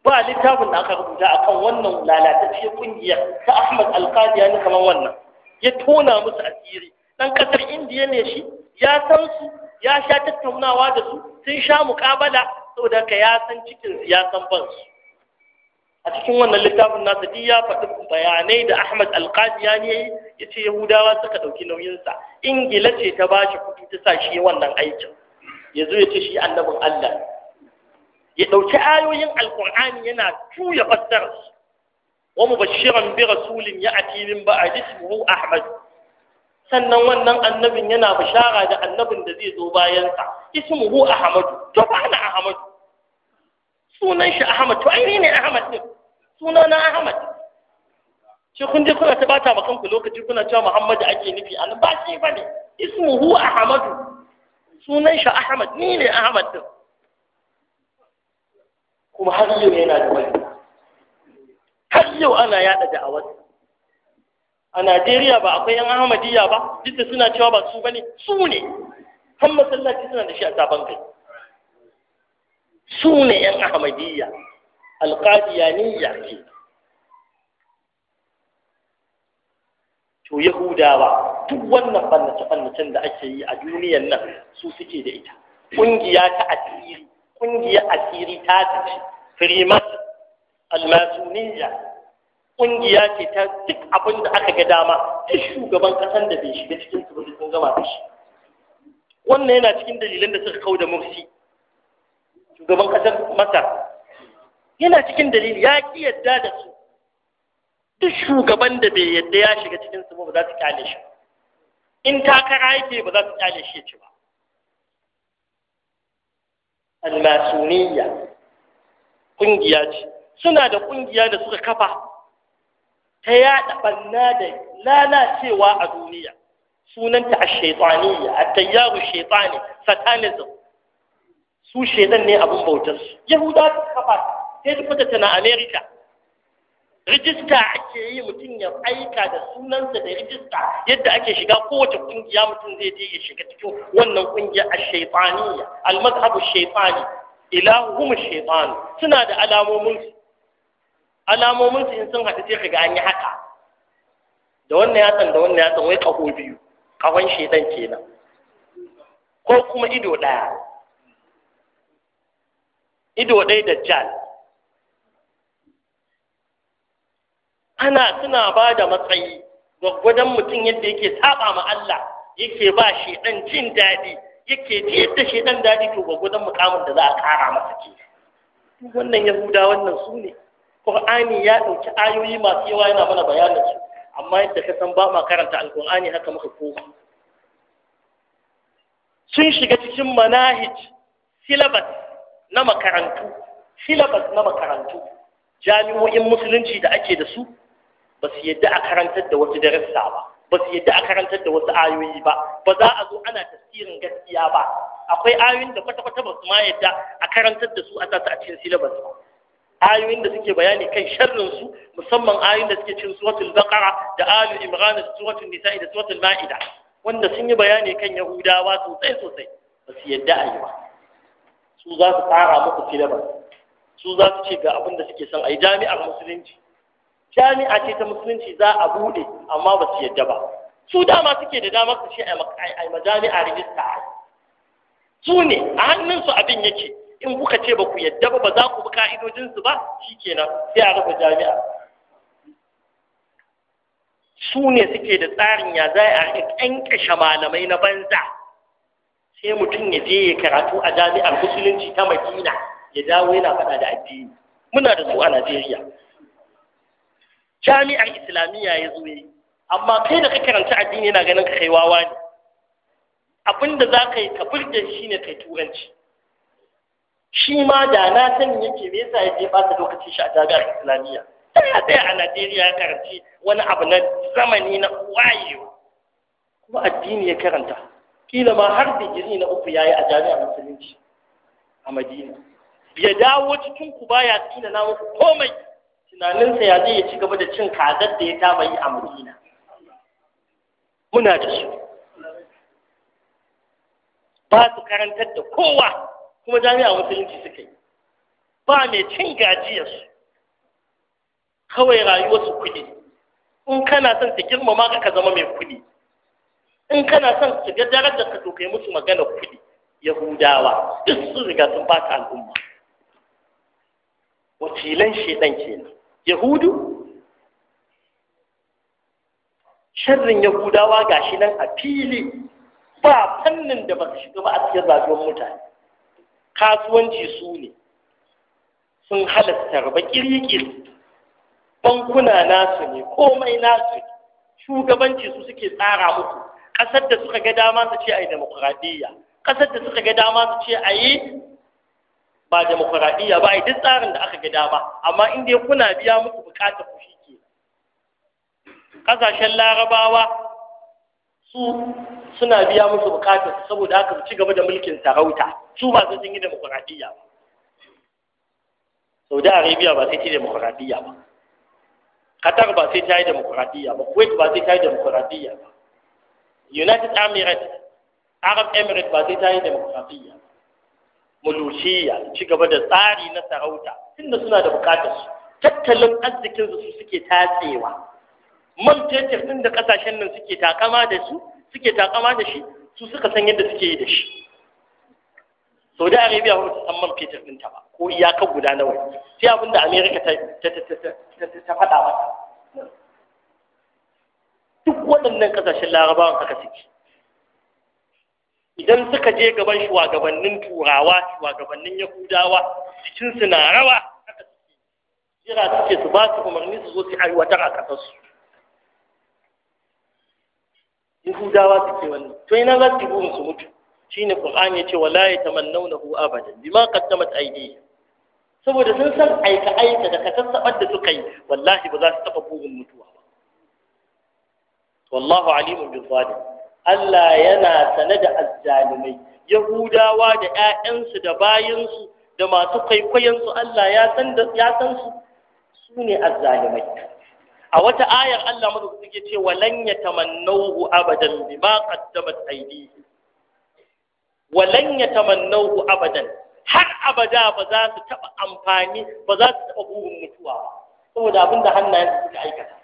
ba littafin da aka rubuta a kan wannan lalatacciyar ƙungiya ta Ahmad Al-qadiyani kamar wannan ya tona musu asiri dan kasar indiya ne shi ya san su ya sha tattaunawa da su sun sha muƙabala saboda ka ya san cikin ya san su a cikin wannan littafin nasa duk ya faɗi bayanai da Ahmad al ya yi ya ce Yahudawa suka ɗauki nauyinsa Ingila ce ta bashi kuɗi ta sa shi wannan aikin ya zo ya ce shi annabin Allah ya ɗauki ayoyin alƙur'ani yana juya fassara su wa mubashiran bi rasulin ya ati min ba'd ismuhu ahmad sannan wannan annabin yana bishara da annabin da zai zo bayansa ismuhu ahmad to ba na ahmad sunan shi ahmad to ai ne ahmad din sunana ahmad shi kun je kuna ta bata ma kanku lokaci kuna cewa muhammadu ake nufi an ba shi bane ismuhu ahmad sunan shi Ahmad ni ne Ahmad din kuma har yau yana da wani har yau ana yada da'awar a Najeriya ba akwai yan Ahmadiyya ba duk da suna cewa ba su bane su ne har masallaci suna da shi a sabon kai su ne yan Ahmadiyya alqadiyaniyya ke to Yahudawa duk wannan ɓallace-ɓallacen da ake yi a duniyar nan su suke da ita ƙungiya ta asiri ƙungiyar asiri ta tace firimat almasuniya ƙungiya ce ta duk abin da aka ga dama duk shugaban ƙasan da bai shiga cikin su ba sun gama da shi wannan yana cikin dalilan da suka kau da mursi shugaban ƙasar masar yana cikin dalili ya ƙi yadda da su duk shugaban da bai yadda ya shiga cikin su ba za su kyale shi in takara yake ba za su kyale shi ci ba almasuniya ƙungiya ce suna da ƙungiya da suka kafa ta yaɗa ɓanna da lalacewa a duniya sunanta a shaitaniya a tayyaru shaitani satanism su shaitan ne abin bautarsu yahuda suka kafa sai su fita tana america rijista ake yi mutum ya aika da sunansa da rijista yadda ake shiga kowace kungiya mutum zai je ya shiga cikin wannan kungiya a shaifaniya almazhabu shaifani ilahuhum shaifani suna da alamomin su alamomin su in sun haɗu sai kaga an yi haka da wannan yatsan da wannan yatsan wai kaho biyu kahon shaidan kenan ko kuma ido ɗaya ido ɗaya da jal ana suna ba da matsayi gwaggwadon mutum yadda yake saba ma Allah yake ba shi dan jin daɗi yake ji yadda shi dan daɗi to gwaggwadon mukamin da za a kara masa ke wannan yahuda wannan su ne qur'ani ya ɗauki ayoyi masu yawa yana mana bayanin su amma yadda ka san ba ma karanta alqur'ani haka muka koma sun shiga cikin manahij silabas na makarantu silabas na makarantu jami'o'in musulunci da ake da su ba su yadda a karantar da wasu darussa ba ba su yadda a karantar da wasu ayoyi ba ba za a zo ana tasirin gaskiya ba akwai ayoyin da kwata-kwata ba su ma yadda a karantar da su a sasa a cikin silabus ba ayoyin da suke bayani kan sharrin su musamman ayoyin da suke cin suratul baqara da alu imran da suratul Nisa, da suratul ma'ida wanda sun yi bayani kan yahudawa sosai sosai ba su yadda a yi ba su za su tsara muku silabus su za su ce ga abin da suke son a yi jami'ar musulunci jami'a ce ta musulunci za a bude amma ba su yadda ba su dama suke da damar su ce a jami'a rijista su ne a hannun su abin yake in kuka ce ba ku yadda ba ba za ku bi ka'idojin su ba shi kenan, sai a rufe jami'a su ne suke da tsarin ya za a ƙanƙashe malamai na banza sai mutum ya je ya karatu a jami'ar musulunci ta madina ya dawo yana faɗa da addini muna da su a najeriya jami'ar islamiyya ya zo yi amma kai da ka karanta addini yana ganin ka kai wawa ne abin da za ka yi ka burge shi ne kai turanci shi ma da na sani yake me yasa ya je ɓata lokacin shi a jami'ar islamiyya sai ya tsaya a najeriya ya karanci wani abu na zamani na wayewa kuma addini ya karanta kila ma har digiri na uku ya yi a jami'ar musulunci a madina ya dawo cikin ku baya tsina na muku komai tunaninsa ya zai ya ci gaba da cin kazar da ya taba yi a madina muna da su ba su karantar da kowa kuma jami'a musulunci suka yi ba mai cin gajiyarsu kawai rayuwarsu kuɗi in kana son su girmama ka ka zama mai kuɗi in kana son su ga darajar ka to kai musu magana kuɗi yahudawa duk sun riga sun ta al'umma wakilan shedan kenan yahudu sharrin yahudawa ga shi nan a fili ba fannin da ba su shiga ba a cikin rayuwar mutane kasuwanci su ne sun halatta raba kirkir bankuna nasu ne komai nasu shugabanci su suke tsara muku ƙasar da suka ga dama su ce a yi demokuraɗiyya ƙasar da suka ga dama su ce a yi ba demokuraɗiyya ba yi duk tsarin da aka ga ba, amma inda kuna biya muku bukatar ku shi ke ƙasashen larabawa su suna biya musu bukatar saboda aka ci gaba da mulkin sarauta su ba su sun yi demokuraɗiyya ba saudi arabia ba sai ta yi ba qatar ba sai ta yi demokuraɗiyya ba kuwait ba sai ta yi demokuraɗiyya ba united arab emirates ba sai ta yi demokuraɗiyya ba mulushiya ci gaba da tsari na sarauta tunda suna da bukatar su tattalin arzikin su suke tatsewa man fetur din da kasashen nan suke takama da su suke takama da shi su suka san yadda suke yi da shi saudi arabia ba ta san man fetur ta ba ko iyaka guda nawa sai abin da america ta faɗa mata duk waɗannan kasashen larabawan haka suke idan suka je gaban shugabannin turawa shugabannin yahudawa su na rawa jira suke su ba su umarni su zo su aiwatar a ƙasarsu yahudawa suke wannan to ina za su burin su mutu shine qur'ani yace wala yatamannawnahu abadan bima qaddamat aydihim saboda sun san aika aika da katassabar da suka yi wallahi ba za su taba burin mutuwa ba wallahu alimun bil zalim Allah yana sane da azzalumai Yahudawa da ‘ya'yansu da bayansu da masu kwaikwayensu Allah ya san su su ne azzalumai. A wata ayar Allah maka suke ce walan ya tamannahu abadan bima qaddamat aydihi walan ya tamannahu abadan har abada ba za su taba amfani ba za su taba burin mutuwa saboda abinda hannayen suka aikata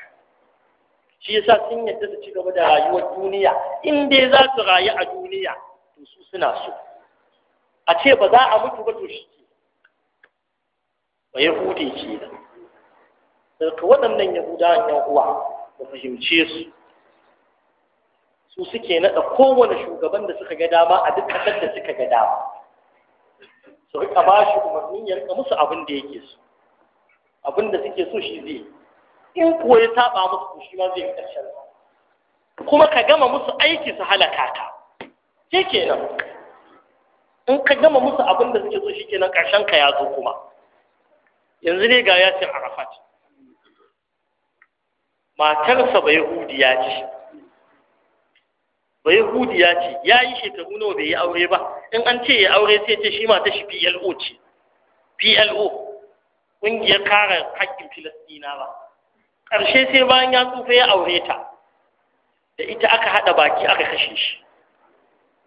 shi yasa sun yadda su ci gaba da rayuwar duniya in dai za su rayu a duniya to su suna so a ce ba za a mutu ba to shi ke ba ya yahudi ke da daga waɗannan yahudawan yan uwa ba fahimce su su suke naɗa kowane shugaban da suka ga dama a duk ƙasar da suka ga dama su riƙa ba shi umarni ya riƙa musu abin da yake so abin da suke so shi zai yi in kuwa ya taba musu to shi ma zai ƙarshen kuma ka gama musu aiki su halaka ka shi kenan in ka gama musu abin da suke so shi kenan ƙarshen ka ya zo kuma yanzu ne ga yasin arafat matarsa bai ya ce bai ya ce ya yi shekaru nawa bai yi aure ba in an ce ya aure sai ce shi ta shi plo ce plo ƙungiyar kare haƙƙin filistina ba ƙarshe sai bayan ya tsufa ya aure ta da ita aka haɗa baki aka kashe shi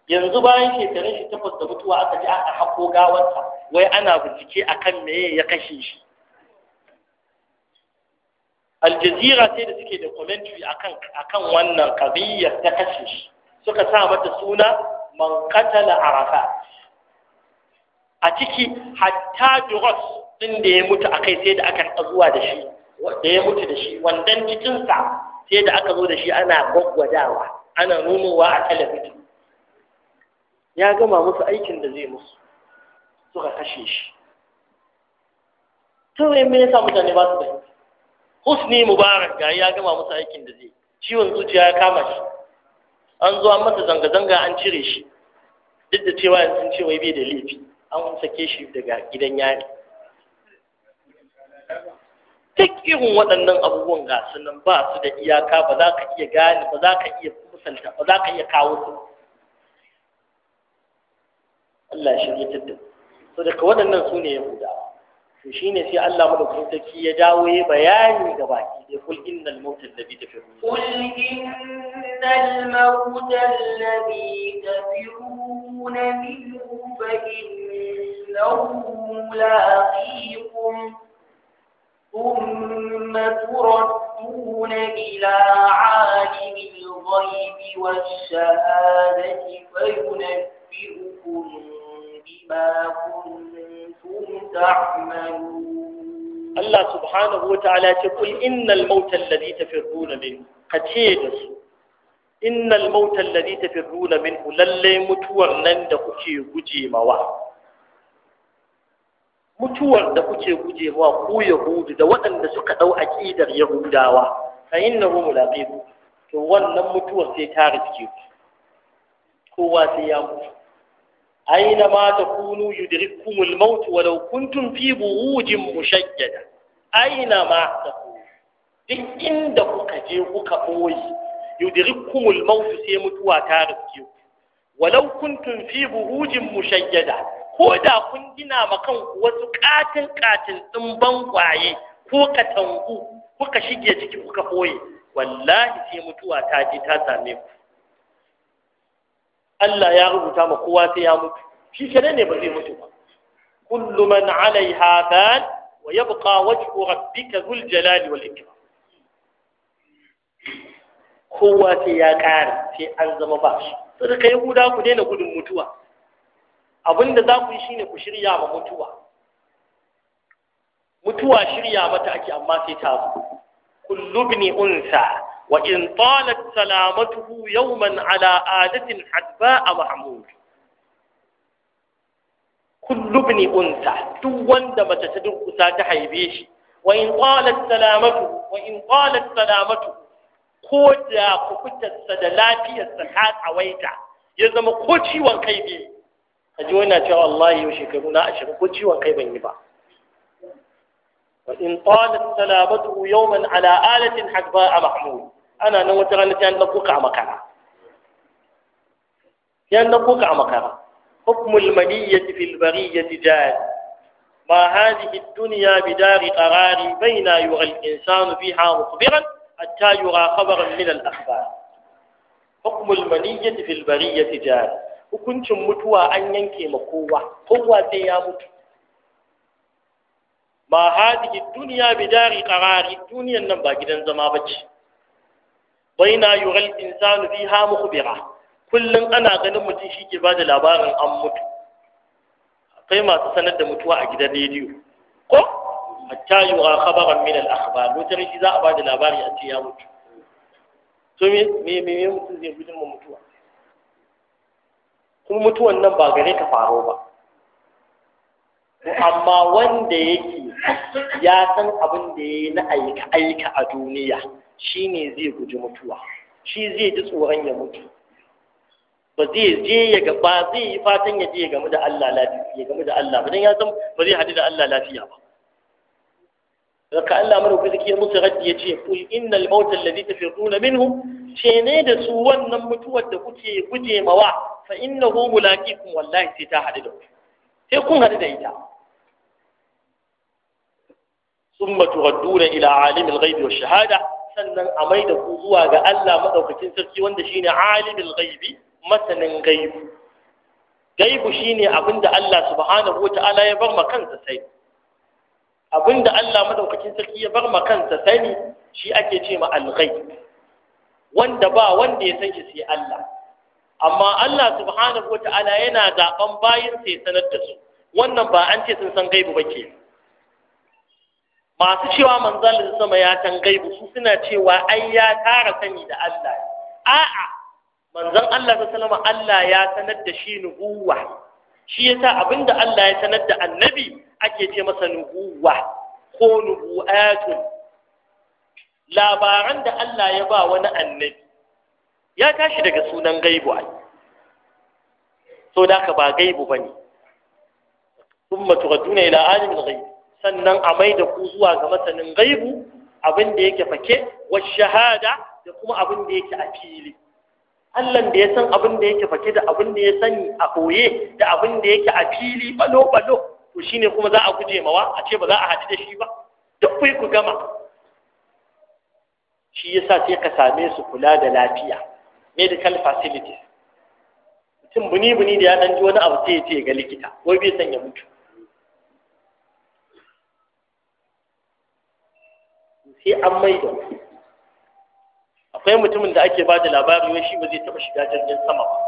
yanzu bayan shekarun shi takwas da mutuwa aka ji aka hako gawarsa wai ana bincike akan meye ya kashe shi aljazira sai da suke da commentary akan kan wannan kabiyar ta kashe shi suka sa mata suna man qatala Arafa. a ciki hatta duros ɗin da ya mutu a kai sai da aka zuwa da shi wanda ya mutu da shi wandan cikinsa sai da aka zo da shi ana gwaggwadawa ana nunowa a talabijin ya gama musu aikin da zai musu suka kashe shi kawai me yasa mutane ba su da husni mubarak ga ya gama musu aikin da zai ciwon zuciya ya kama shi an zo an masa zanga-zanga an cire shi duk da cewa yanzu sun ce wai bai da laifi an sake shi daga gidan yari duk irin waɗannan abubuwan ga su nan ba su da iyaka ba za ka iya gane ba za ka iya kusanta ba za ka iya kawo su Allah shi ne tattu so daga waɗannan su ne yahudawa to ne sai Allah madaukakin sarki ya dawo ya bayani ga baki da kul innal mauta allazi tafiru kul innal mauta allazi tafirun minhu fa innahu laqikum ثم تردون إلى عالم الغيب والشهادة فينبئكم بما كنتم تعملون الله سبحانه وتعالى تقول إن الموت الذي تفرون منه قتيل إن الموت الذي تفرون منه للي متورنا دكتي وجي مواه mutuwar da kuke gujewa ku yahudu da waɗanda suka ɗau a ƙidar yahudawa fa innahu mulaqiku to wannan mutuwar sai ta riske ku kowa sai ya mutu aina ma takunu yudrikumul maut walau kuntum fi burujin mushayyada aina ma ta kunu, duk inda kuka je kuka ɓoye yudrikumul maut sai mutuwa ta riske ku walau kuntum fi burujin mushayyada ko da kun gina ma kanku wasu katin katin ban kwaye ko katangu kuka shige ciki kuka boye wallahi sai mutuwa ta je ta same ku Allah ya rubuta ma kowa sai ya mutu shi kenan ne ba zai mutu ba kullu man alaiha ban wa yabqa wajhu rabbika zul jalali wal ikram kowa sai ya kare sai an zama ba shi sai kai huda ku daina gudun mutuwa da za ku yi shine ku shirya ma mutuwa mutuwa shirya mata ake amma sai ta zo kullu ibn unsa wa in talat salamatuhu yawman ala adatin a mahmud kullu ibn unsa duk wanda mace ta durkusa ta haife shi wa in talat salamatuhu wa in talat salamatuhu ko da kukutarsa da lafiyarsa ta tsawaita ya zama ko ciwon kai biyu a ji wani cewa wallahi yau shekaru na ashirin ko ciwon kai ban yi ba wa in talat salabatu yawman ala alatin hasba a mahmud ana nan wata rana ta dauko ka a makara ya dauko ka a makara hukmul madiyyati fil bariyyati jahil ما هذه الدنيا بدار قرار بين يرى الإنسان فيها مخبرا حتى يرى خبرا من الأخبار حكم المنية في البرية جار hukuncin mutuwa an yanke ma kowa kowa sai ya mutu ma hadihi duniya bi dari qarari duniyan nan ba gidan zama bace baina yughal insanu fiha mukhbira kullum ana ganin mutum shi ke ba da labarin an mutu akwai masu sanar da mutuwa a gidan rediyo ko hatta yughal khabaran min al-akhbar lokacin shi za a ba da labari a ce ya mutu to me me me mutum zai gudun mutuwa kuma mutuwan nan ba gare ka faro ba amma wanda yake ya san abin da ya yi na aika-aika a duniya shi ne zai guji mutuwa shi zai ji tsoron ya mutu ba zai je ya ga ba zai yi fatan ya je ya gamu da Allah lafiya ya gamu da Allah ba dan ya san ba zai haɗu da Allah lafiya ba daga Allah mara kuzi ke musu raddi ya ce kul innal mauta alladhi tafirruna minhu cene da su wannan mutuwar da kuke guje mawa fa innahu mulaqikum wallahi sai ta hadu da ku sai kun hadu da ita summa tuhadduna ila alimil ghaibi wash shahada sannan a mai da ku zuwa ga Allah madaukakin sarki wanda shine alimil ghaibi masanin gaibu gaibu shine abinda Allah subhanahu wata'ala ya bar ma kansa sai abinda Allah madaukakin sarki ya bar ma kansa sani shi ake ce ma al-ghaib wanda ba wanda ya san shi sai Allah amma Allah subhanahu wata'ala yana zaben bayin sai sanar da su wannan ba an ce sun san gaibu ba ke masu cewa manzon da sama ya san gaibu su suna cewa ai ya tara sani da Allah a'a manzon Allah sallallahu Allah ya sanar da shi nubuwa shi yasa abinda Allah ya sanar da annabi ake ce masa nubuwa ko nubuwatun labaran da Allah ya ba wani annabi ya tashi daga sunan gaibu ai so da ka ba gaibu bane thumma turaduna ila alim ghaib sannan a mai da ku zuwa ga masanin gaibu abin da yake fake wa shahada da kuma abin da yake a fili Allah da ya san abin da yake fake da abin da ya sani a koye da abin da yake a fili balo balo to shine kuma za a guje mawa a ce ba za a haɗu da shi ba duk kai ku gama shi yasa sai ka same su kula da lafiya medical facilities mutum buni buni da ya dan ji wani abu sai ya ce ga likita ko bai san ya mutu sai an mai da akwai mutumin da ake ba da labari wai shi ba zai taba shiga jirgin sama ba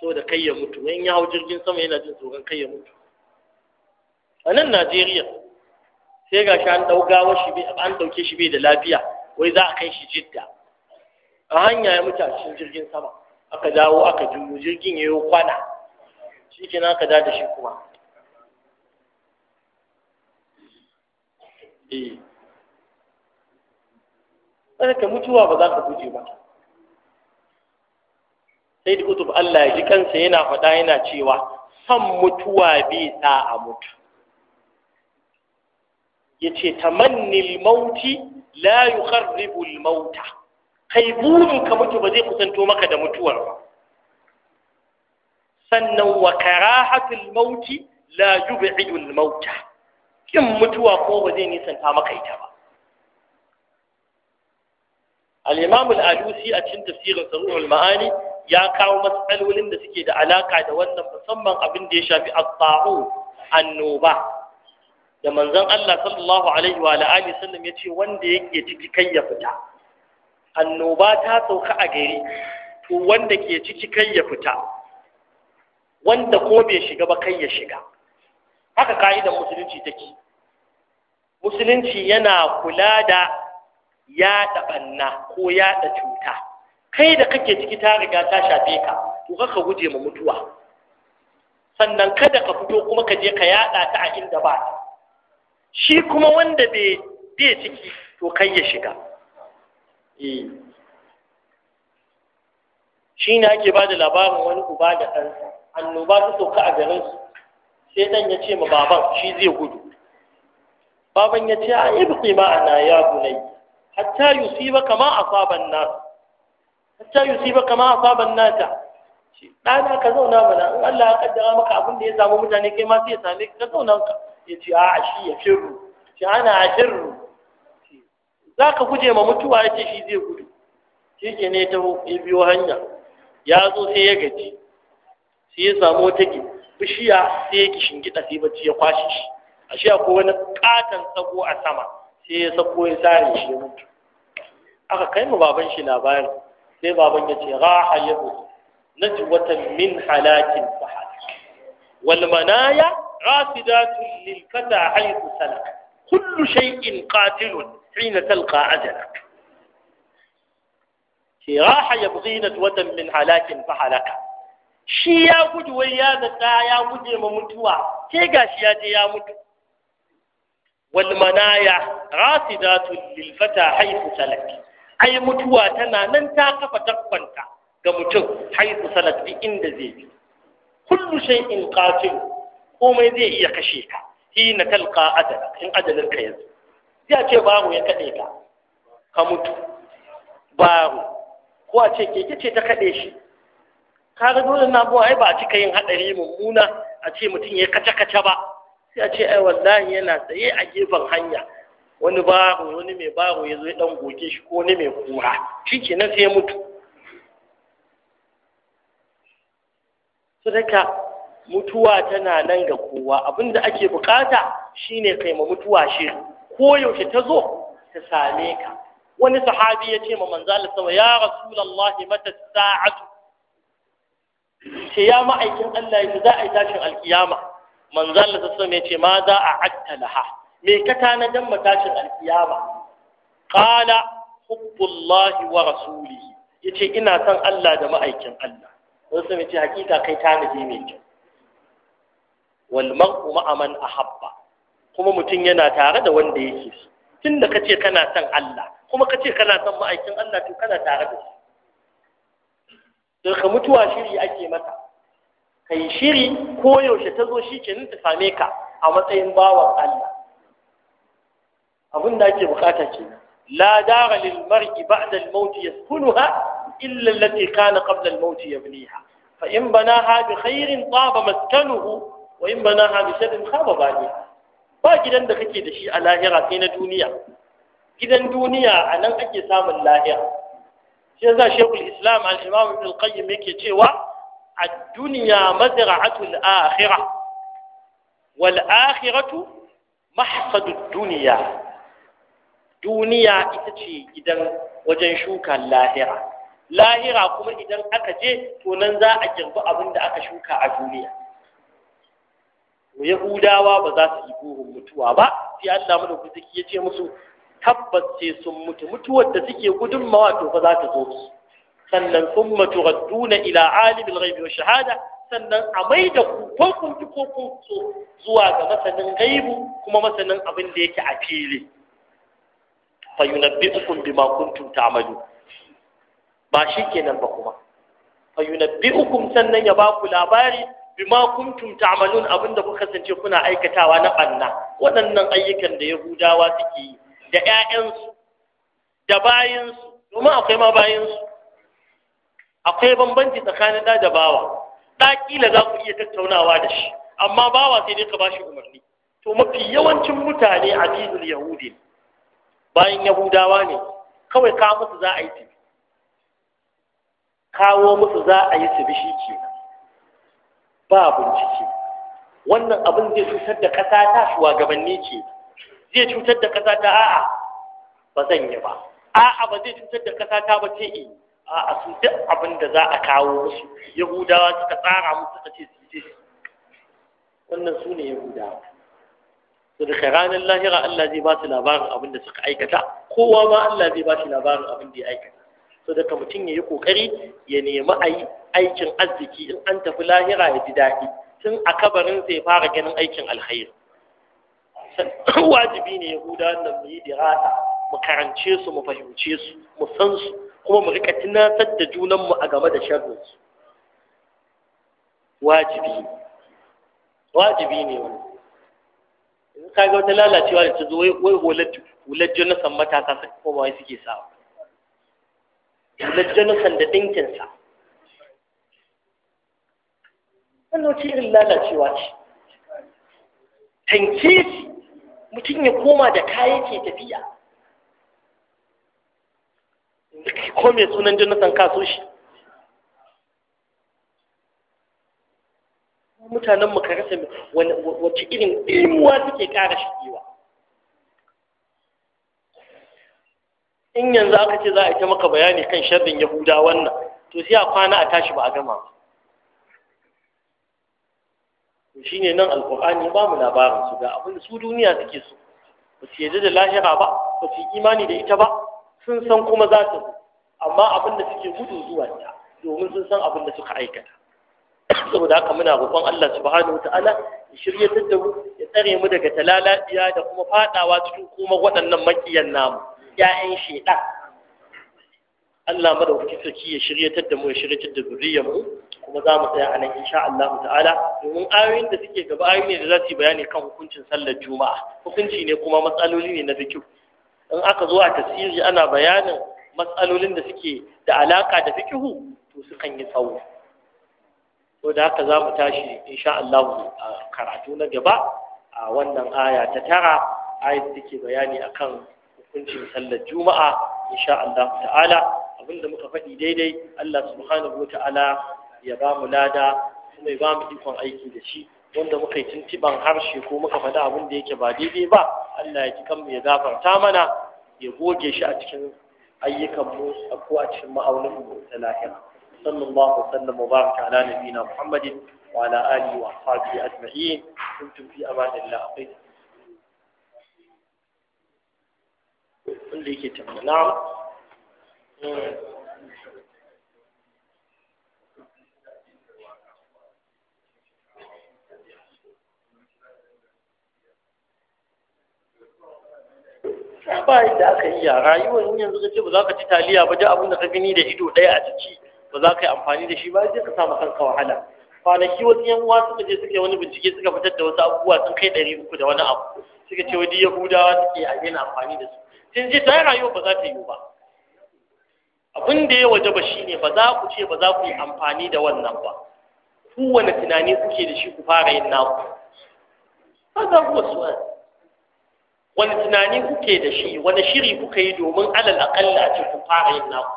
so da kai ya mutu wani ya hau jirgin sama yana jin tsoron kai ya mutu a nan najeriya sai ga shi an ɗauka shi an ɗauke shi bai da lafiya wai za a kai shi jidda a hanya ya mutu a cikin jirgin sama aka dawo aka juyo jirgin ya yi kwana shi ke aka da shi kuma eh ka mutuwa ba za ka guje ba sai da kutub Allah ya ji kansa yana faɗa yana cewa san mutuwa bi sa a mutu ya ce tamannil mauti la yukharribu al-mauta kai burin ka mutu ba zai kusanto maka da mutuwar ba sannan wa al mauti la yub'idu al-mauta kin mutuwa ko ba zai nisanta maka ita ba al-imam al-alusi a cikin tafsirin sarul ma'ani ya kawo matsalolin da suke da alaka da wannan musamman abin da ya shafi at-ta'u annoba da manzon Allah sallallahu alaihi wa alihi sallam ya wanda yake ciki kai ya fita annoba ta sauka a gari to wanda ke ciki kai ya fita wanda ko bai shiga ba kai ya shiga haka ka'idar musulunci take musulunci yana kula da yaɗa ɓanna ko yaɗa cuta kai da kake ciki ta riga ta shafe ka to kaka guje ma mutuwa sannan kada ka fito kuma ka je ka yaɗa ta a inda ba shi kuma wanda bai ciki to kai ya shiga eh. shi ne ake ba da labarin wani uba da ɗansa annoba ta sauka a garinsu sai ɗan ya ce ma baban shi zai gudu baban ya ce a ibqi ma'ana ya bunai hatta yusiba kama asaban nas hatta ba kama asaban nata ɗana ka zauna mana in Allah ya kaddara maka abin da ya samu mutane kai ma sai ya same ka zauna ka yace a shi ya firru shi ana firru za ka guje ma mutuwa ya shi zai gudu shi ke ne ta ya biyo hanya ya zo sai ya gaji sai ya samu wata bishiya sai ya kishin gida sai bacci ya kwashe shi a shi akwai wani katon tsago a sama sai ya sako ya tsare shi ya mutu aka kai mu baban shi labarin sai baban ya ce raha ya ji najwatan min halakin fahad wal manaya rasidatun lil fata haythu salak kullu shay'in qatilun hina talqa ajalak ke raha yabghina watan min halakin fa shi ya gudu wai ya zata ya guje ma mutuwa Ke gashi ya je ya mutu wal manaya rasidatun lil fata haythu salak ai mutuwa tana nan ta kafa tabbanta ga mutum haifu salak duk inda zai bi kullu shay'in qatil komai zai iya kashe ka na talka adal in adalin ka yanzu ya ce baro ya kaɗe ka ka mutu baro ko a ce keke ce ta kaɗe shi kaga dole na buwa ai ba a cika yin haɗari mummuna a ce mutum ya kace kace ba sai a ce ai wallahi yana tsaye a gefen hanya wani baro wani mai baro ya zo ya dan goge shi ko wani mai kura Shi ke nan sai ya mutu sadaka mutuwa tana nan ga kowa da ake bukata shine kai ma mutuwa shi ko yaushe ta zo ta same ka wani sahabi ya ce ma manzo Allah sama ya rasulullahi mata sa'atu ce ya ma'aikin Allah yanzu za a yi tashin alkiyama manzo Allah sama ya ce ma za a atta laha me ka ma tashin alkiyama qala hubbullahi wa rasulihi yace ina son Allah da ma'aikin Allah wasu ya ce hakika kai tanadi mai kyau Walmar kuma a man ahabba kuma mutum yana tare da wanda yake so tunda kace kana son Allah kuma kace kana son ma'aikin Allah to kana tare da shi daga mutuwa shiri ake mata yi shiri ko yaushe ta zo shi kenan ta same ka a matsayin bawan Allah abin da ake bukata kenan la dara lil mar'i ba'da al maut yaskunuha illa allati kana qabla al maut yabniha fa in banaha bi khairin taba maskanuhu Wai in bana ha bi khaba ba gidan da kake da shi a lahira sai na duniya gidan duniya a nan ake samun lahira shi yasa shekul islam al-imam ibn qayyim yake cewa ad-dunya mazra'atu al-akhirah wal akhiratu mahsadu ad-dunya duniya ita ce gidan wajen shukan lahira lahira kuma idan aka je to nan za a girbi abin da aka shuka a duniya yahudawa ba za su yi burin mutuwa ba sai Allah madaukaki ya ce musu tabbas sai sun mutu mutuwar da suke gudun mawa to fa za ta zo su sannan thumma gaduna ila alimil ghaibi wa shahada sannan a mai da ku ko kun ji ko kun so zuwa ga masanin gaibu kuma masanin abin da yake a fili fa yunabbi'ukum bima kuntum ta'malu ba shi kenan ba kuma fa yunabbi'ukum sannan ya ba ku labari bima kuntum ta'malun abinda kuka kasance kuna aikatawa na banna waɗannan ayyukan da yahudawa suke yi da ƴaƴansu da bayansu. domin akwai ma bayansu. akwai bambanci tsakanin da da bawa da kila za ku iya tattaunawa da shi amma bawa sai dai ka bashi umarni to mafi yawancin mutane abidul yahudi bayan yahudawa ne kawai kawo musu za a yi tafi kawo musu za a yi su shi kenan ba bincike wannan abin zai cutar da ƙasa ta shugabanni ce zai cutar da ƙasa ta a'a ba zan yi ba a'a ba zai cutar da ƙasa ta ba ce e a'a su duk abin da za a kawo musu yahudawa suka tsara musu suka ce su je wannan su ne yahudawa su da ranar lahira Allah zai ba su labarin abin da suka aikata kowa ma Allah zai ba shi labarin abin da ya aikata so daga mutum ya yi kokari ya nemi a yi aikin arziki in an tafi lahira ya ji daɗi tun a kabarin zai fara ganin aikin alkhairi wajibi ne yahuda nan mu yi dirasa mu karance su mu fahimce su mu san su kuma mu riƙa tunatar da junanmu a game da sharrin su wajibi wajibi ne wani in ka ga wata lalacewa da ta zo wai hular san matasa sai kuma wai suke sawa na jonathan da ɗinkinsa wannan ce irin lalacewa ce tanke mutum ya koma da kaya ke tafiya ko mai sunan jonathan kaso shi mutanen mu ka rasa wace irin imuwa suke ƙara shigewa in yanzu aka ce za a yi maka bayani kan sharrin yahuda wannan to sai a kwana a tashi ba a gama ba shi ne nan alkur'ani ba mu labarin su ga abin su duniya suke so ba su yarda da lahira ba ba su imani da ita ba sun san kuma za ta zo amma abin da suke gudu zuwa ta domin sun san abin da suka aikata saboda haka muna roƙon Allah subhanahu wataala ya shirya da ya tsare mu daga talaladiya da kuma fadawa cikin kuma waɗannan makiyan namu Ya'yan shedan Allah wuce saki ya shiryatar da mu ya shiryatar da zuriyar mu kuma za mu tsaya a nan insha Allah ta'ala domin ayoyin da suke gaba ayoyi ne da za su bayani kan hukuncin sallar juma'a hukunci ne kuma matsaloli ne na fikir in aka zo a tasiri ana bayanin matsalolin da suke da alaka da fikihu to su kan yi tsawo to da haka za mu tashi insha Allah karatu na gaba a wannan aya ta tara ayat da ke bayani akan kuncin sallar juma'a insha Allah ta'ala abinda muka faɗi daidai Allah subhanahu ta'ala ya ba mu lada kuma ya ba mu ikon aiki da shi wanda muka yi tuntuban harshe ko muka faɗi abin da yake ba daidai ba Allah ya ji kanmu ya gafarta mana ya goge shi a cikin ayyukanmu ko a cikin ma'auninmu da lahira sallallahu alaihi wa baraka ala nabiyina muhammadin وعلى آله وأصحابه أجمعين كنتم في أمان الله أقيتم wanda yake tambaya na eh. ba da aka yi yara yi wani yanzu ka ce ba za ka ci taliya ba duk abin da ka gani da ido ɗaya a ciki ba za ka yi amfani da shi ba zai ka samu kanka wahala kwanaki wasu yan uwa suka je suka wani bincike suka fitar da wasu abubuwa sun kai ɗari uku da wani abu suka ce wani yahudawa suke a daina amfani da su in ji ta rayuwa ba za ta yi ba abin da ya waje ba shine ba za ku ce ba za ku yi amfani da wannan ba Ku wani tunani kuke da shi ku fara yin naku hada huwa su'al wani tunani kuke da shi wani shiri kuka yi domin alal akalla a ce ku fara yin naku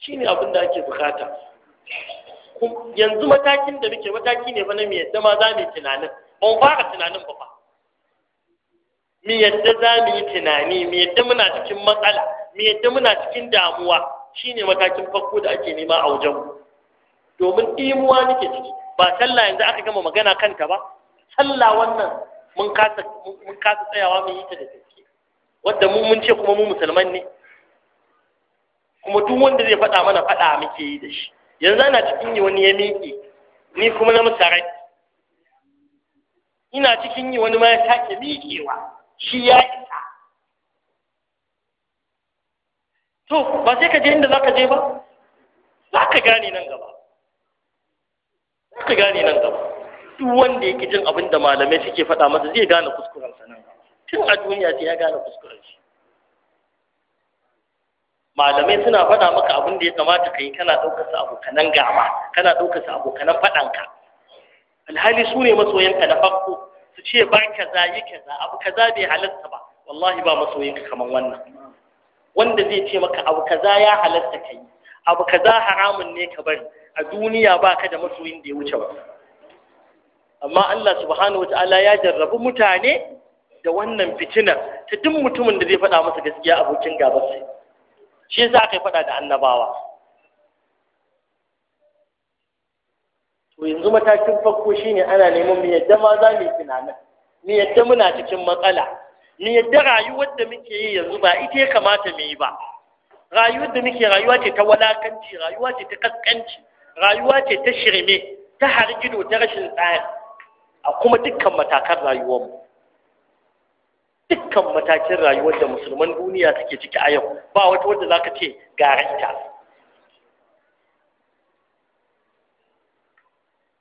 shine abin da ake bukata yanzu matakin da muke mataki ne ba na mai yadda ma za mu yi tunanin ba mu fara tunanin ba fa mi yadda za mu yi tunani mi yadda muna cikin matsala mi yadda muna cikin damuwa shine matakin farko da ake nema a wajen domin imuwa nake ciki ba sallah yanzu aka gama magana kanta ba sallah wannan mun kasa mun kasa tsayawa mu yi ta da gaske wanda mu mun ce kuma mu musulman ne kuma duk wanda zai faɗa mana faɗa muke yi da shi yanzu ana cikin yi wani ya miƙe ni kuma na musarai ina cikin yi wani ma ya sake miƙewa shi ya isa to ba sai ka je inda za ka je ba za ka gane nan gaba za ka gane nan gaba duk wanda yake jin abin da malamai suke faɗa masa zai gane kuskurensa nan gaba? tun a duniya sai ya gane kuskuren shi malamai suna faɗa maka abin da ya kamata ka yi kana ɗaukar su abokanan gaba kana ɗaukar su abokanan faɗanka alhali su ne masoyanka na farko su ce ba kaza yi kaza abu kaza bai halatta ba wallahi ba masoyinka kamar wannan wanda zai ce maka abu kaza ya halatta ka yi abu kaza haramun ne ka bari a duniya ba ka da masoyin da ya wuce ba amma Allah subhanahu ta'ala ya jarrabu mutane da wannan fitinar ta duk mutumin da zai faɗa masa gaskiya abokin gabar sai shi yasa aka faɗa da annabawa to yanzu matakin farko shine ana neman mu yadda ma za mu yi tunanin mu yadda muna cikin matsala mu yadda rayuwar da muke yi yanzu ba ita ya kamata mu yi ba rayuwar da muke rayuwa ce ta walakanci rayuwa ce ta kaskanci rayuwa ce ta shirme ta hargido ta rashin tsari a kuma dukkan matakan rayuwarmu dukkan matakin rayuwar da musulman duniya suke ciki a yau ba wata wadda zaka ce garanta ita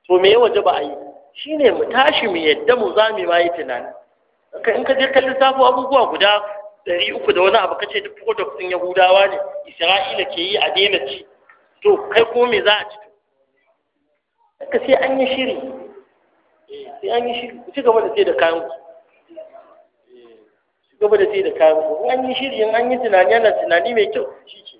to me waje ba a yi shine mu tashi mu yadda mu za mu yi tunani in ka je kalli lissafo abubuwa guda ɗari uku da wani abu kace duk product ɗin yahudawa ne isra'ila ke yi a daina ci to kai ko me za a ci ka sai an yi shiri eh, sai an yi shiri ku ci gaba da sai da kayan ku ci gaba da sai da kayan ku an yi shiri an yi tunani ana tunani mai kyau shi ke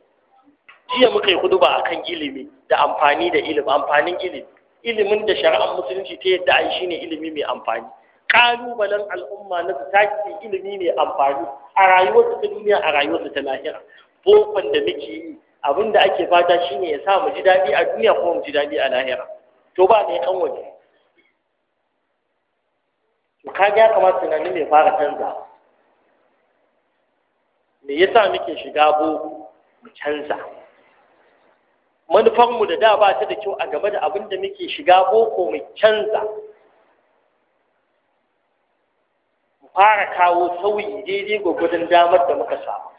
jiya muka yi hudu ba akan ilimi da amfani da ilimi amfanin ilimi ilimin da shari'ar musulunci ta yadda ai shine ilimi mai amfani kalubalen al'umma na su take ilimi mai amfani a rayuwarsu ta duniya a rayuwarsu ta lahira bokon da muke yi abin da ake fata shine ya sa mu ji daɗi a duniya kuma mu ji daɗi a lahira to ba ne kan waje to ka ga kamar tunanin mai fara canza me yasa muke shiga boko mu canza manufarmu da da ba ta da kyau a game da abin da muke shiga boko mu canza mu fara kawo sauyi daidai gwagwadon damar da muka samu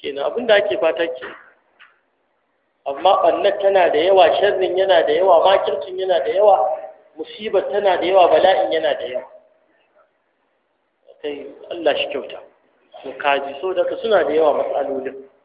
kenan abin da ake fata ke amma ɓannar tana da yawa sharrin yana da yawa makircin yana da yawa musibar tana da yawa bala'in yana da yawa kai Allah shi kyauta su kaji so daga suna da yawa matsalolin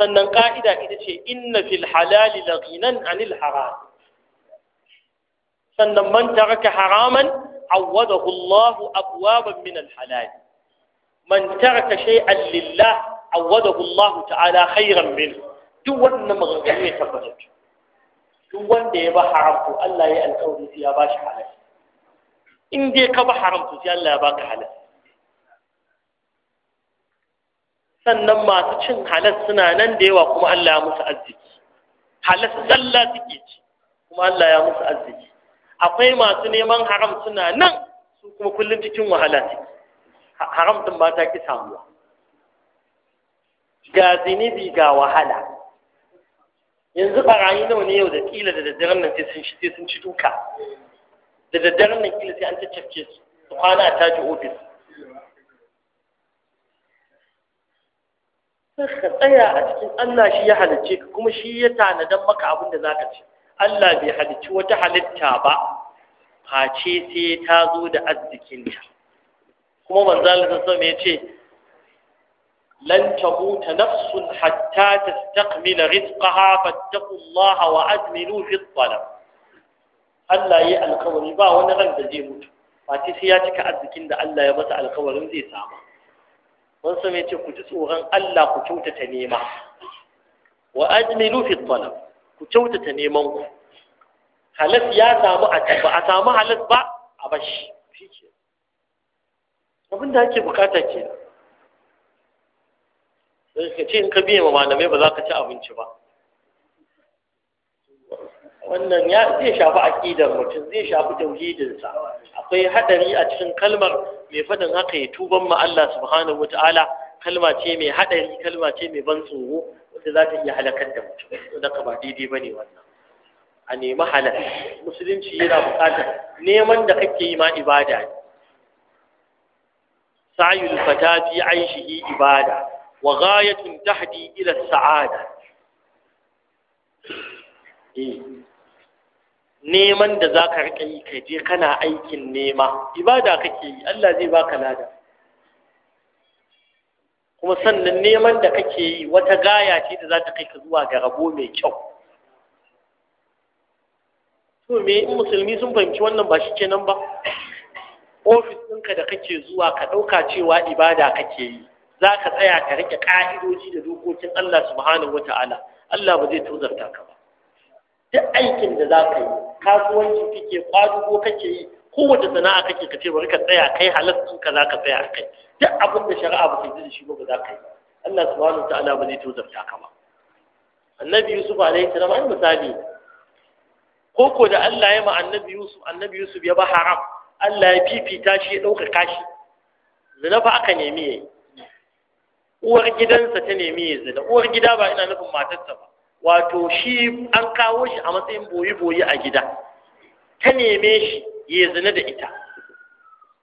sannan ka'ida ita ce inna fil halali laghinan anil haram sannan man taraka haraman awwadahu Allah abwaban min al halal man taraka shay'an lillah awwadahu Allah ta'ala khairan min duk wannan maganganu ne tabbatacce duk wanda ya ba haramtu to Allah ya alƙawari sai ya ba shi halal in dai ka ba haram to sai Allah ya baka halal sannan masu cin halas suna nan da yawa kuma Allah ya musu arziki halas zalla suke ci kuma Allah ya musu arziki akwai masu neman haram suna nan su kuma kullum cikin wahala suke haram din ba ta ki samuwa ga zinibi ga wahala yanzu barayi nawa ne yau da kila da daddaren nan sai sun sai sun ci duka da daddaren nan kila sai an su su kwana a taji ofis sai ka tsaya a cikin Allah shi ya halicce ka kuma shi ya tanadan maka abin da ka ci Allah bai halicci wata halitta ba face sai ta zo da arzikinta kuma manzon Allah sallallahu ya ce lan tamuta nafsun hatta tastaqmila rizqaha fattaqullaha wa ajmilu fi Allah yi alkawari ba wani ran da zai mutu face sai ya cika arzikin da Allah ya masa alkawarin zai samu mun san ce ku ji tsoron Allah ku kyautata nema wa ajmilu fi talab ku kyautata neman ku halas ya samu a ba a samu halas ba a bashi shi abin da ake bukata ke sai ka ce in ka biye ma malamai ba za ka ci abinci ba wannan ya zai shafi aƙidar mutum zai shafi tauhidinsa akwai hadari a cikin kalmar mai faɗin haka ya tuban ma Allah subhanahu ta'ala kalma ce mai haɗari kalma ce mai ban tsoro wanda za ta iya halakar da mutum daga ba daidai ba ne wannan a nemi halal musulunci yana buƙatar neman da kake yi ma ibada ne sa'yul fata fi aishihi ibada wa ghayatun tahdi ila sa'ada eh. neman da za ka riƙa yi ka je kana aikin nema ibada kake yi Allah zai baka lada kuma sannan neman da kake yi wata gaya ce da za ta kai ka zuwa ga rabo mai kyau to me in musulmi sun fahimci wannan ba shi kenan ba ofis ɗinka da kake zuwa ka ɗauka cewa ibada kake yi za ka tsaya ka riƙe ƙa'idoji da dokokin Allah subhanahu wata'ala Allah ba zai tozarta ka ba duk aikin da za ka yi kasuwanci kake kwadugo kake yi kowace sana'a kake ka ce bari ka tsaya kai halattun ka za ka tsaya kai duk abin da shari'a ba ta yi da shi ba za ka yi Allah subhanahu ta'ala ba zai tozarta ka ba annabi yusuf alaihi salam ai misali koko da Allah ya ma annabi yusuf annabi yusuf ya ba haram Allah ya fifita shi ya ɗaukaka kashi. zina fa aka nemi yayi uwar gidansa ta nemi ya zina uwar gida ba ina nufin matarsa ba wato shi an kawo shi a matsayin boye boyi a gida ta neme shi ya zina da ita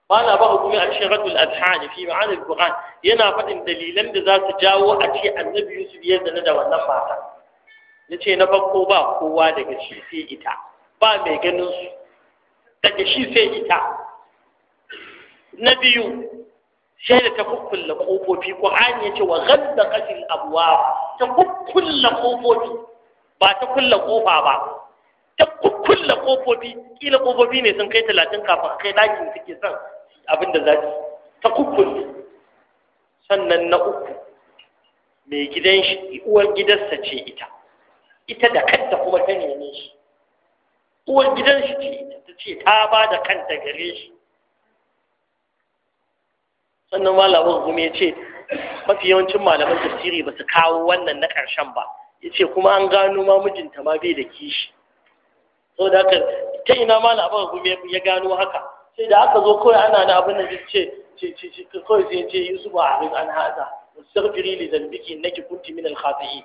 ba na ba hukumi a cikin radul adhani fi ma'anar qur'an yana faɗin dalilan da za su jawo a ce annabi yusuf ya zina da wannan mata ya ce na farko ba kowa daga shi sai ita ba mai ganin su daga shi sai ita na biyu sai da ta kukkulla kofofi qur'ani yace wa ganda kashin abuwa ta kukkulla kofofi ba ta kulla kofa ba ta kukkulla kofofi kila kofofi ne sun kai talatin kafin kai dakin suke son abin da za su ta kukkulla sannan na uku mai gidan shi uwar gidansa ce ita ita da kanta kuma ta neme shi uwar gidan shi ce ita ta ce ta ba da kanta gare shi sannan malamin kuma ya ce mafi yawancin malaman tafsiri ba su kawo wannan na ƙarshen ba ya ce kuma an gano ma mijinta ma bai da kishi so da haka ta ina malamin kuma ya gano haka sai da aka zo kawai ana na abin da ya ce kawai sai ya ce ba a rin an haza zan biki na ki kunti min alkhati'i yi.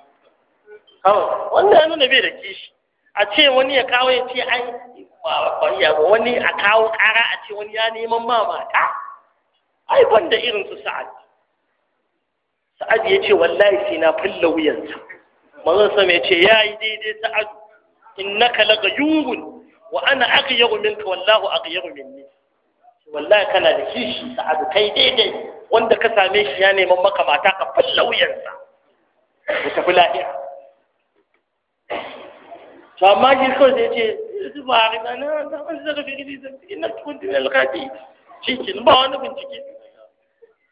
wannan ya nuna bai da kishi a ce wani ya kawo ya ce ai wani a kawo kara a ce wani ya neman ma mata ai ban da irin su sa'ad sa'ad ya ce wallahi sai na fulla wuyansa manzon sama ya ce ya yi daidai sa'ad innaka laga yungun wa ana aghyaru minka wallahu aghyaru minni wallahi kana da kishi sa'ad kai daidai wanda ka same shi ya neman maka mata ka fulla wuyansa ku tafi lahira to amma shi kawai sai ba ce zuwa na na an zaka fi gidi zan fi ina kuntu na cikin ba wani bincike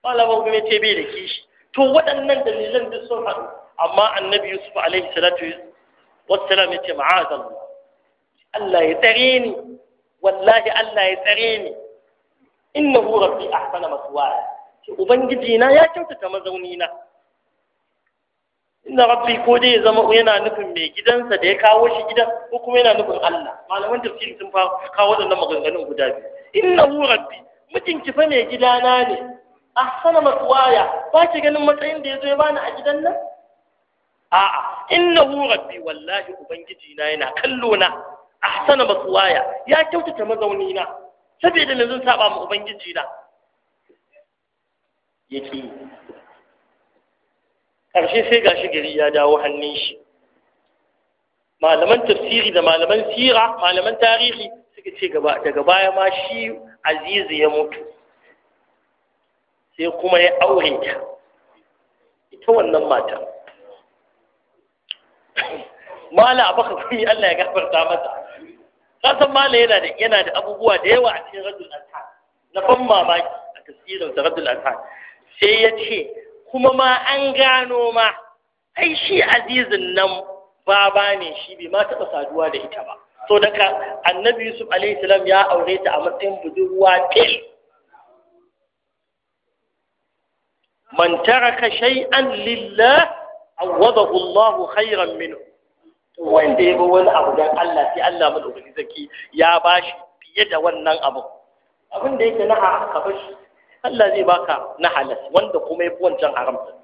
malaman kuma ce bai da kishi to waɗannan dalilan duk sun haɗu amma annabi yusuf alaihi salatu wassalam ya ce ma'azallah Allah ya tsare ni wallahi Allah ya tsare ni innahu rabbi ahsana maswaya ce ubangiji na ya kyautata mazauni na inna rabbi ko dai ya zama yana nufin mai gidansa da ya kawo shi gidan ko kuma yana nufin Allah malaman tafsiri sun kawo waɗannan maganganun guda biyu innahu rabbi mijin ki fa mai gidana ne ahsana maswaya ba ki ganin matsayin da ya zo ya bani a gidan nan a'a innahu rabbi wallahi ubangiji na yana kallo na ahsana maswaya ya kyautata mazauni na saboda zan saba ma ubangiji na yake ƙarshe sai gashi gari ya dawo hannun shi malaman tafsiri da malaman sira malaman tarihi suka ce daga baya ma shi azizu ya mutu sai kuma ya aure ta ita wannan mata mala baka kuma Allah ya gafarta mata kasan mala yana da yana da abubuwa da yawa a cikin radul na ban mamaki a tasirin sa radul azhar sai ya ce kuma ma an gano ma ai shi azizin nan baba ne shi bai ma taɓa saduwa da ita ba so daga annabi yusuf alaihi ya aure ta a matsayin budurwa fil man taraka shay'an lillah awadahu Allah khairan minhu to wanda ya wani abu dan Allah sai Allah madaukaki zaki ya bashi fiye da wannan abu abin da yake na haka bashi Allah zai baka na halas wanda kuma yafi wancan haram to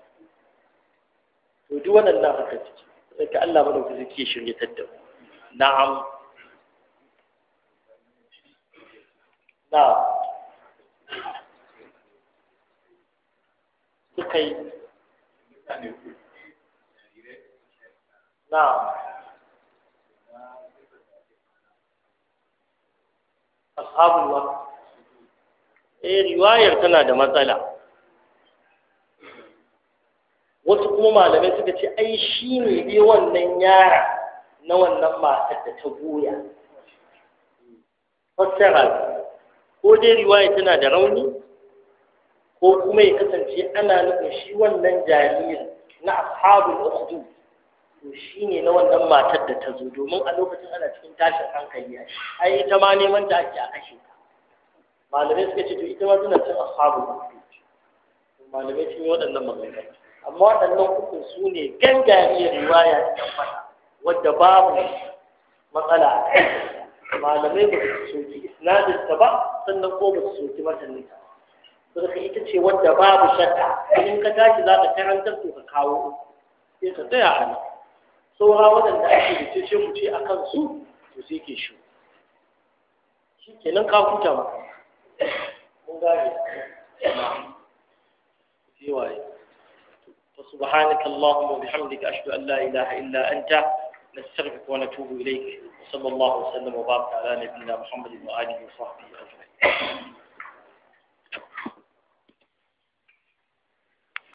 duk wannan na haka take sai ka Allah madaukaki zai shirye tadda na'am na suka yi na ashabullah eh riwayar tana da matsala wasu kuma malamai suka ce ai shi ne dai wannan yara na wannan matar da ta goya fassara ko dai riwaya tana da rauni ko kuma ya kasance ana nufin shi wannan jami'in na ashabul ukhdud to shine na wannan matar da ta zo domin a lokacin ana cikin tashin hankali a shi ai ita ma neman ta ake a kashe ta malamai suka ce to ita ma suna cin ashabul ukhdud malamai sun yi waɗannan maganganu amma waɗannan uku su ne gangariyar riwaya ta fata wadda babu matsala a kai malamai ba su soki isnadin ta ba sannan ko ba su soki matanin ta saboda ita ce wadda babu shakka in ka tashi za ka karantar to ka kawo sai ka tsaya a nan saura waɗanda ake da cece ku ce a kan su to sai ke shi shi nan ka huta ba mun gane sai waye subhanaka allahumma wa bihamdika ashhadu an la ilaha illa anta نستغفرك ونتوب إليك صلى الله وسلم وبارك على نبينا محمد وآله وصحبه أجمعين